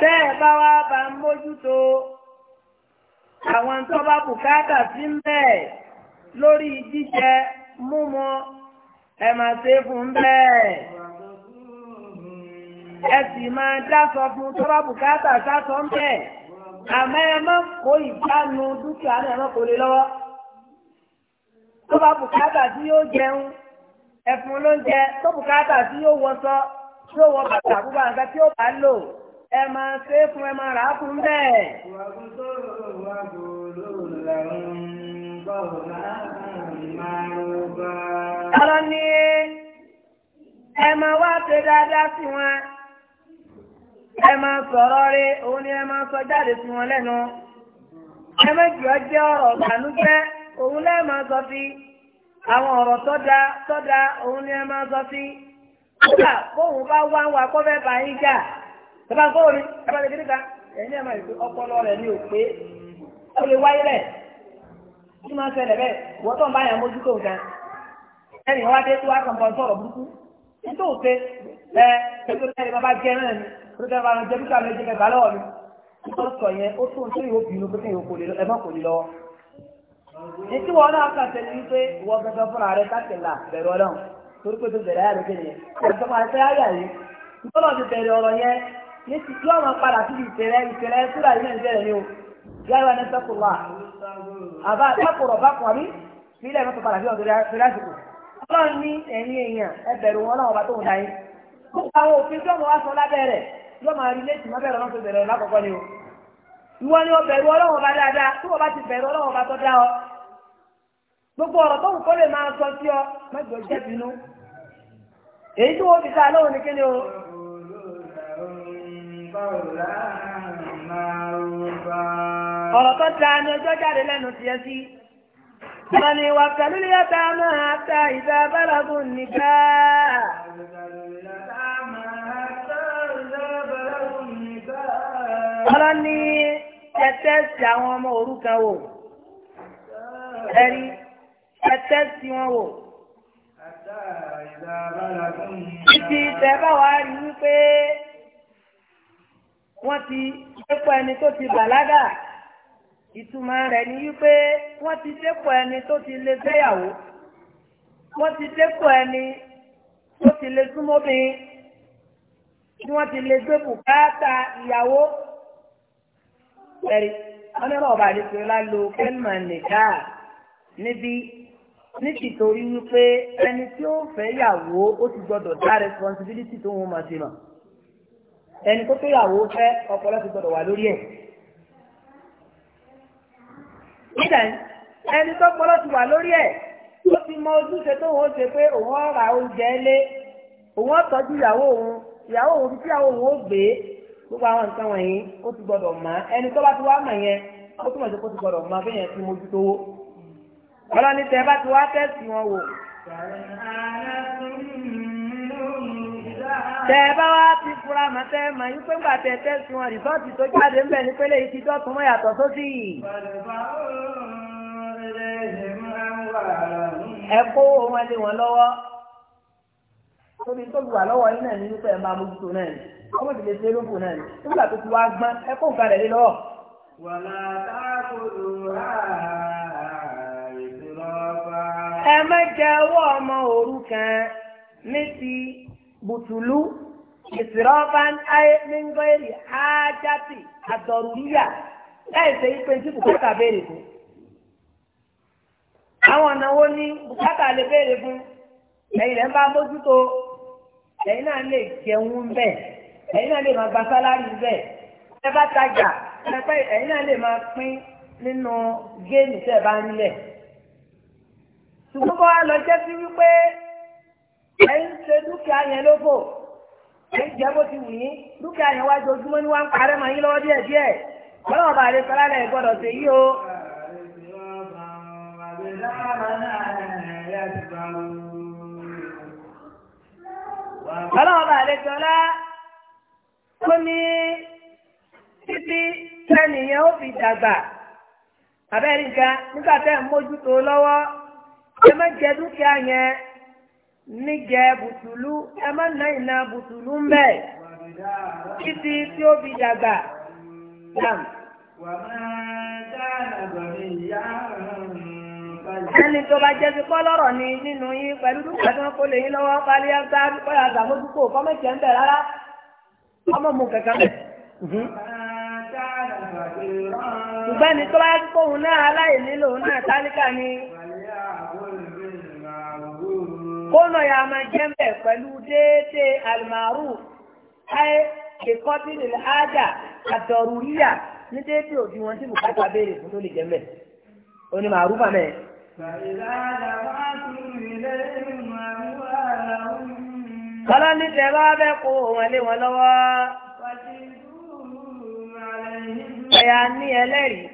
tẹ́ ẹ bá wá bá ń mójútó àwọn tó bá bùkátà sí ń bẹ́ẹ̀ lórí jíjẹ múmu ẹ máa ṣe fún bẹ́ẹ̀. ẹ sì máa dáṣọ fún tó bá bùkátà sáṣọ ń bẹ́ẹ̀ àmọ́ ẹ má kó ìjánu dúkìá náà má kó lè lọ́wọ́. tó bá bùkátà tí yóò jẹun ẹ̀fún ló ń jẹ tó bùkátà tí yóò wọṣọ tí yóò wọ bàtà gbogbo àǹkà tí yóò bá lò ẹ máa ṣe é fún ẹ máa rà á fún bẹ́ẹ̀. ọlọ́ ní ẹ máa wá ṣe dáadáa sí wọn ẹ máa sọ̀rọ̀ rí òun ni ẹ máa sọ jáde sí wọn lẹ́nu ẹ má jù ọ jẹ́ ọ̀rọ̀ ìbànújẹ́ òun lẹ́ẹ̀ máa sọ sí àwọn ọ̀rọ̀ tọ́da tọ́da òun ni ẹ máa sọ sí kódà bóun bá wá wa kó fẹ́ bá yín jà tẹ́lá ń kọ́ omi tẹ́lá ń kékeré kan ẹ̀yin ẹ̀ máa ń fi ọpọlọ rẹ̀ ní òpé ó lè wáyé rẹ̀ kí máa ń ṣẹlẹ̀ bẹ́ẹ̀ wọ́n tó ń bá yàn mójútó nǹkan ẹnì wá dé tó wá kàn bọ́n sọ̀rọ̀ burúkú nítorí òfé ẹ pẹ̀lú ẹni bá jẹ́ náà ni pẹ̀lú ẹni bá jẹ́ bí káàmì ẹ̀jẹ̀ kẹgbà lọ́wọ́ mi nítorí sọ yẹn ó tó ń tó yóò bínú pé kéèyàn kò lè lọ ẹ̀fọ́ kò lè lọ. ètí wọn náà kà sẹ́ni wípé ìwọ gẹ́gẹ́ fúnra rẹ káṣí là bẹ̀rù ọlọ́run torí pé tó bẹ̀rẹ̀ ayà lókè yẹn ẹ̀sọ́ máa fẹ́ ayà yìí nítorí ọ̀sẹ̀ bẹ̀rẹ̀ ọ̀rọ̀ yẹn ní ti tí ọmọ padà síbi ìtẹ̀rẹ́ ìtẹ̀rẹ́ síra ilé ìtẹ̀rẹ́ ni o yára ní sẹ́kùlá àbá àtàkùrọ̀ bá kọ̀ mí sílẹ̀ mọ́tò padà sí ọ̀dọ̀ rẹ̀ àsìkò ọlọ́run ní ẹ̀yìn èèyàn ẹbẹ̀rù wọn náà ọba tó ń dáyé gbogbo àwọn òfin tí ọmọ wa sọ lábẹ́ rẹ̀ yóò máa rí létí mọ́bẹ̀rẹ̀ ọlọ́run tó bẹ̀rẹ̀ lákọ̀ọ́kọ́ ni o ìwọ ni o bẹ̀rù ọlọ́run ọba dáadáa tó o bá ti bẹ̀rù ọlọ́run ọba tó dá ọ gbogbo ọ̀rọ̀ tó ń kọ́ lè máa sọ sí ọ mẹ́jọ jẹ́ bínú èyí tí wọ́n fi ta lóhùn ní kíni
ọ̀rọ̀
tó dáa ni ọjọ́ jáde lẹ́nu tiẹ̀ sí. Bani wa kalili ya ta máa ta ìdá balagun nìka. Ọlọ́ ní ẹ̀tẹ́ sí àwọn ọmọ òrukàn wò. Ẹ̀rí ẹ̀tẹ́ sí wọn wò. Títí tẹ bá wá rí wípé wọ́n ti dépò ẹni tó ti bàlágà ìtumọ̀ rẹ̀ ni wípé wọ́n ti dépò ẹni tó ti lè fẹ́yàwó wọ́n ti dépò ẹni tó ti lè súnmọ́bìnrin tí wọ́n ti lè gbé bùkátà ìyàwó ẹ̀rí wọ́n ní ọba àdìsí ọlá lo kẹ́lìmọ̀ nìkà níbi nítorí wípé ẹni tí ó fẹ́ yàwó ó ti gbọ́dọ̀ dá responsibility tó ń wọ́n máa ti mọ̀ ẹni tó tóyàwó fẹ́ ọpọlọ ti gbọdọ̀ wà lórí ẹ̀. nígbà ẹni tó pọlọ ti wà lórí ẹ̀ ó ti mọ ojúṣe tó wọ́n ṣe pé òun ọ̀rà oúnjẹ lé òun ọ̀tọ́jú ìyàwó òun ìyàwó òun tí ìyàwó òun ó gbé gbogbo àwọn nǹkan wọ̀nyí ó ti gbọdọ̀ mọ̀ ẹni tó bá ti wá mọ̀ yẹn ó túmọ̀ sí kó ti gbọdọ̀ mọ̀ bẹ́ẹ̀ yẹn ti mójútó ọlọ́ni tẹ bá ti wá tẹ̀sí wọn wò tẹ bá wá ti fura mà tẹ mà yín pé ńgbà tẹ tẹ sun rìsọ́ọ̀tì tó jáde ńbẹ ní pélé yìí ti dọ́tun mọ́ yàtọ̀ sósì. ẹ kó wọn lé wọn lọ́wọ́ tóbi tóbi wà lọ́wọ́ yín náà ní nípa máa mójútó náà ni ọmọ ti lè ṣe lóko náà ni nígbà tó ti wá gbọ́n ẹ kó nǹkan rẹ̀ lé lọ́wọ́. ẹ má jẹ owó ọmọ òrukàn ní ti bùtùlù ìsìrọ́fán ayé nígbẹ́rì ájátì àdọ̀rùyà láì ṣe ipe tí bùkátà béèrè fún. àwọn ọ̀nà wo ni bùkátà lè béèrè fún lẹ́yìn lẹ́ ń bá mójútó lẹ́yìn náà lè jẹun bẹ́ẹ̀ lẹ́yìn náà lè máa gba sálárì bẹ́ẹ̀ ẹ bá tajà lẹ́yìn náà lè máa pín nínú géèmù tẹ̀ bá ń lẹ̀. ṣùgbọ́n bá lọ jẹ́ sí wípé. e se ṣe dúkìá yẹn lófò ẹ ń jẹ́ bó ti wù yín dúkìá yẹn wá jojúmọ́ ní wá ń parẹ́ yín lọ́wọ́ díẹ̀ díẹ̀ bọ́lá ọba o. sọlá ní títí ó fi dàgbà abẹ́rẹ́ nígbà tẹ́ ń mójútó lọ́wọ́ ẹ má jẹ níjẹ bùtùlù ẹ má ná ìná bùtùlù ń bẹ títí tí ó fi dàgbà dàm. ẹni tó bá jẹ́ ni nínú yín pẹ̀lú dúkìá tí wọ́n kó lè yín lọ́wọ́ pálí ẹ̀ka kọ́lá àgbàmójúkò kọ́mẹ̀tì ń bẹ rárá ọmọ mu bẹ̀. Mhm. ṣùgbọ́n ẹni tó bá kóhun náà aláìní lòun náà tálíkà ni. kóná ya máa jẹ́ mbẹ̀ pẹ̀lú déédéé alimaru ayé ìkọ́tí nílẹ̀ ájà àtọ̀rùríyà ní déédéé òdiwọ̀n tí bùkátà béèrè fún tó lè jẹ́ mbẹ̀ oní màrú bàmẹ́. kọ́lá ní tẹ bá bẹ́ kó wọn lé wọn lọ́wọ́. ẹ̀yà ní ẹlẹ́rìí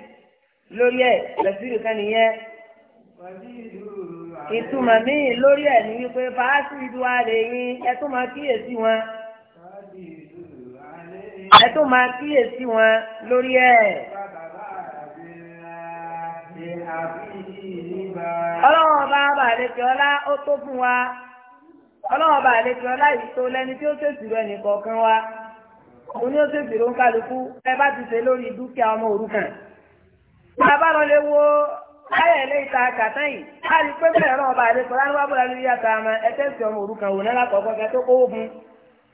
lórí ẹ̀ lọ́sírì kan nìyẹn ìtumọ̀ míì lórí ẹ̀ ní wípé fàásì ìdúwà lè yín ẹ tún máa kíyèsí wọn ẹ tún máa kíyèsí wọn lórí ẹ̀. ọlọ́wọ́n bá bá àlejò ọlá ó tó fún wa ọlọ́wọ́n bá àlejò ọlá yìí tó lẹ́ni tí ó ṣèṣirò ẹnì kọ̀ọ̀kan wa òun ni ó ṣèṣirò ń kálukú ẹ bá ti ṣe lórí dúkìá ọmọ òrukàn. bàbá lọ lè wo. ayé ilé ìta kàtá yìí a lè pé bẹ́ẹ̀ rán ọba àdékò láti wá bóra lórí yàtọ̀ àmọ́ ẹ tẹ́sí ọmọ òrukàn wò náà lákọ̀ọ́kọ́ kẹ́ tó kówó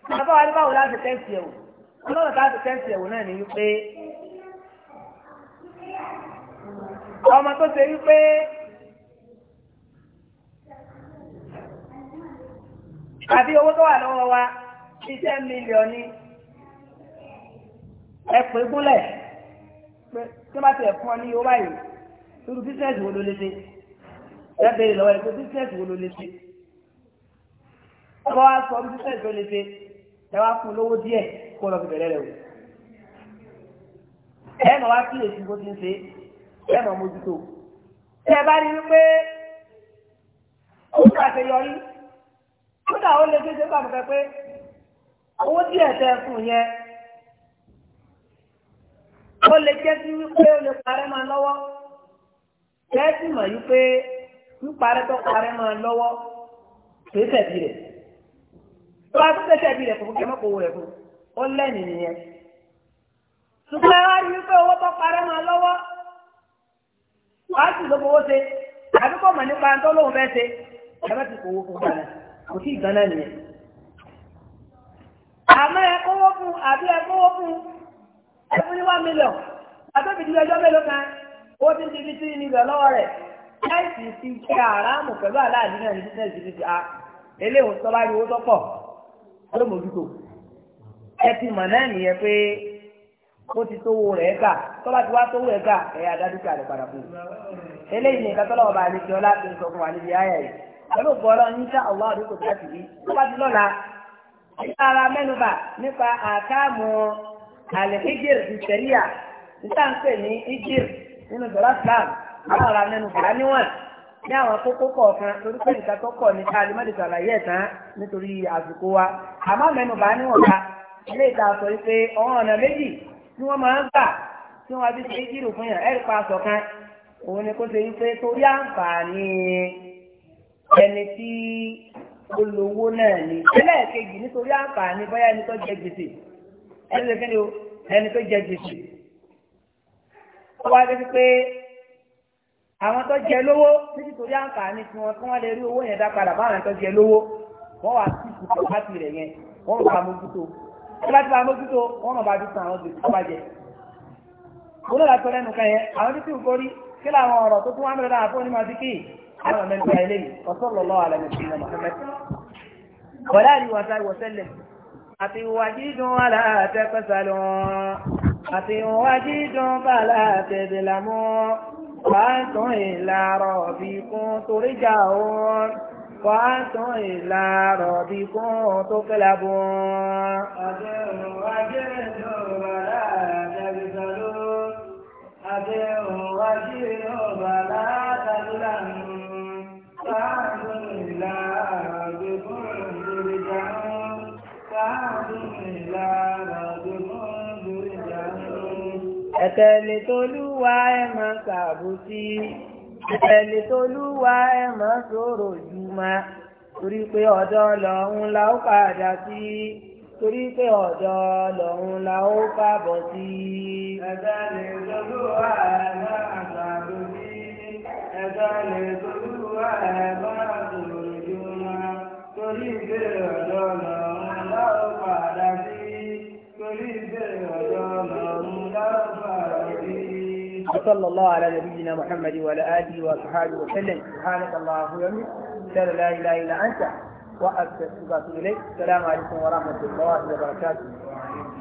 fún un láti tẹ́sí ẹ̀wò náà ní ọmọ tó owó tó wà lọ́wọ́ wa ni ẹ gúnlẹ̀ pé irú bísíǹsì wo ló lè ṣe lábẹ́rẹ́ lọ́wọ́ ẹ̀kọ́ bísíǹsì wo ló lè ṣe ọwọ́ sọ bísíǹsì tó lè ṣe ẹwà fún lówó díẹ̀ kó lọ fi bẹ̀rẹ̀ rẹ̀ wò ẹ̀ mọ̀ wá kíyèsí bó ti ń ṣe ẹ̀ mọ̀ mójútó ẹ bá rí wípé ó ṣàṣeyọrí kódà ó lè ṣeéṣe bá mi fẹ́ pé owó díẹ̀ tẹ fún yẹn ó lè jẹ́ sí wípé ó lè parẹ́ máa lọ́wọ́ tẹ́sí mọ̀ yí pé ń parẹ́ tó parẹ́ mọ́ ọ lọ́wọ́ kìí tẹ̀bi rẹ̀ tó bá tún tẹ̀sẹ̀ bí rẹ̀ kò fún kẹ́mọ́ kò wọ rẹ̀ fún ó lẹ́nu nìyẹn. ṣùgbọ́n wá rí wípé owó tó parẹ́ mọ́ ọ lọ́wọ́ wàá sì ló fowó ṣe àbí kò mọ̀ nípa tó lóun fẹ́ ṣe ẹ̀rọ ti kò wó fún gbàlẹ̀ kò sí ìgbàlẹ̀ nìyẹn. àmọ́ ẹ kówó fún àbí ẹ kówó fún ẹ fún ní one million àtọ́bìdí ọjọ́ mélòó kan. ó ti ti ní nígbà rẹ̀ láìsí ti ṣe àràmù pẹ̀lú aláàbí ní bísíǹsì ti a ah, eléwọ̀n tó bá rí owó tó pọ̀ ló mójútó ẹ ti mọ̀ náà nìyẹn pé ó ti tówó rẹ̀ gà tó bá ti wá tówó rẹ̀ gà ẹ̀yà adádúkẹ́ àlẹ́ padà fún un eléyìí bá a lè ṣe sọ nínú sọ̀rọ̀ Islam àwọn ará mẹ́nu kàá níwọ̀n ní àwọn kókó kọ̀ọ̀kan torí pé nǹkan tó kọ̀ ní káàdì mọ́tò ṣàlàyé ẹ̀ tán nítorí àsìkò wa àmọ́ mẹ́nu bá níwọ̀n ká ilé ìta sọ wípé ọ̀hún ọ̀nà méjì tí wọ́n máa ń gbà tí wọ́n ti ṣe fún yàn ẹ̀rí pa aṣọ kan òun ni kó ṣe wípé torí àǹfààní ẹni tí olówó náà ni ẹlẹ́ẹ̀kejì nítorí àǹfààní bóyá ẹni tó jẹ gbèsè ẹni tó jẹ gbèsè ó wá dé pé àwọn tó jẹ lówó nítorí àǹfààní tí wọn tí wọn lè rí owó yẹn dá padà báwọn tó jẹ lówó wọn wà sí ìsìnkú pàtì rẹ yẹn wọn bá mójútó tí wọn ti bá mójútó wọn bá dúpọ̀ àwọn gbèsè tó bá jẹ. olóòlà tó lẹ́nu kan yẹn àwọn títí ń gorí kí làwọn ọ̀rọ̀ tó tún wá mẹ́rin náà fún onímọ̀ sí kí àwọn ọmọ ẹgbẹ́ ilé yìí ọ̀sán lọ́wọ́ àlẹ́ mi sí ọmọ ọmọ ẹgbẹ́ wọlé àríwọ̀sá ìwọ̀sẹ́lẹ̀ àti ìwà jíjùn aláàtẹ́kọ̀sálọ́n àti wá dídùn bàlá tẹ̀dẹ̀lá mọ́ wàásùn ìlàrọ̀ bí kún torí jà òun wàásùn ìlàrọ̀ bí kún tó kẹlà bọ́. àti wá àti wá dídùn bàlá tẹ̀dẹ̀lá mọ́. ẹ̀tẹ̀lẹ̀ tolúwa ẹ̀ máa ṣàbòsí ẹ̀tẹ̀lẹ̀ tolúwa ẹ̀ máa sọ̀rọ̀ jù máa torí pé ọ̀dọ̀ lọ́hún la ó padà sí torí pé ọ̀dọ̀ lọ́hún la ó fàbọ̀ sí. ẹ̀tẹ̀lẹ̀ tolúwa ẹ̀ máa ṣàbòsí ẹ̀tẹ̀lẹ̀ tolúwa ẹ̀ máa sọ̀rọ̀ jù máa torí pé ọ̀dọ̀ lọ́hún la ó padà sí torí pé ọ̀dọ̀ lọ́hún. وصلى الله على نبينا محمد وعلى اله وصحبه وسلم سبحانك اللهم وبحمدك لا اله الا انت واستغفرك اليك السلام عليكم ورحمه الله وبركاته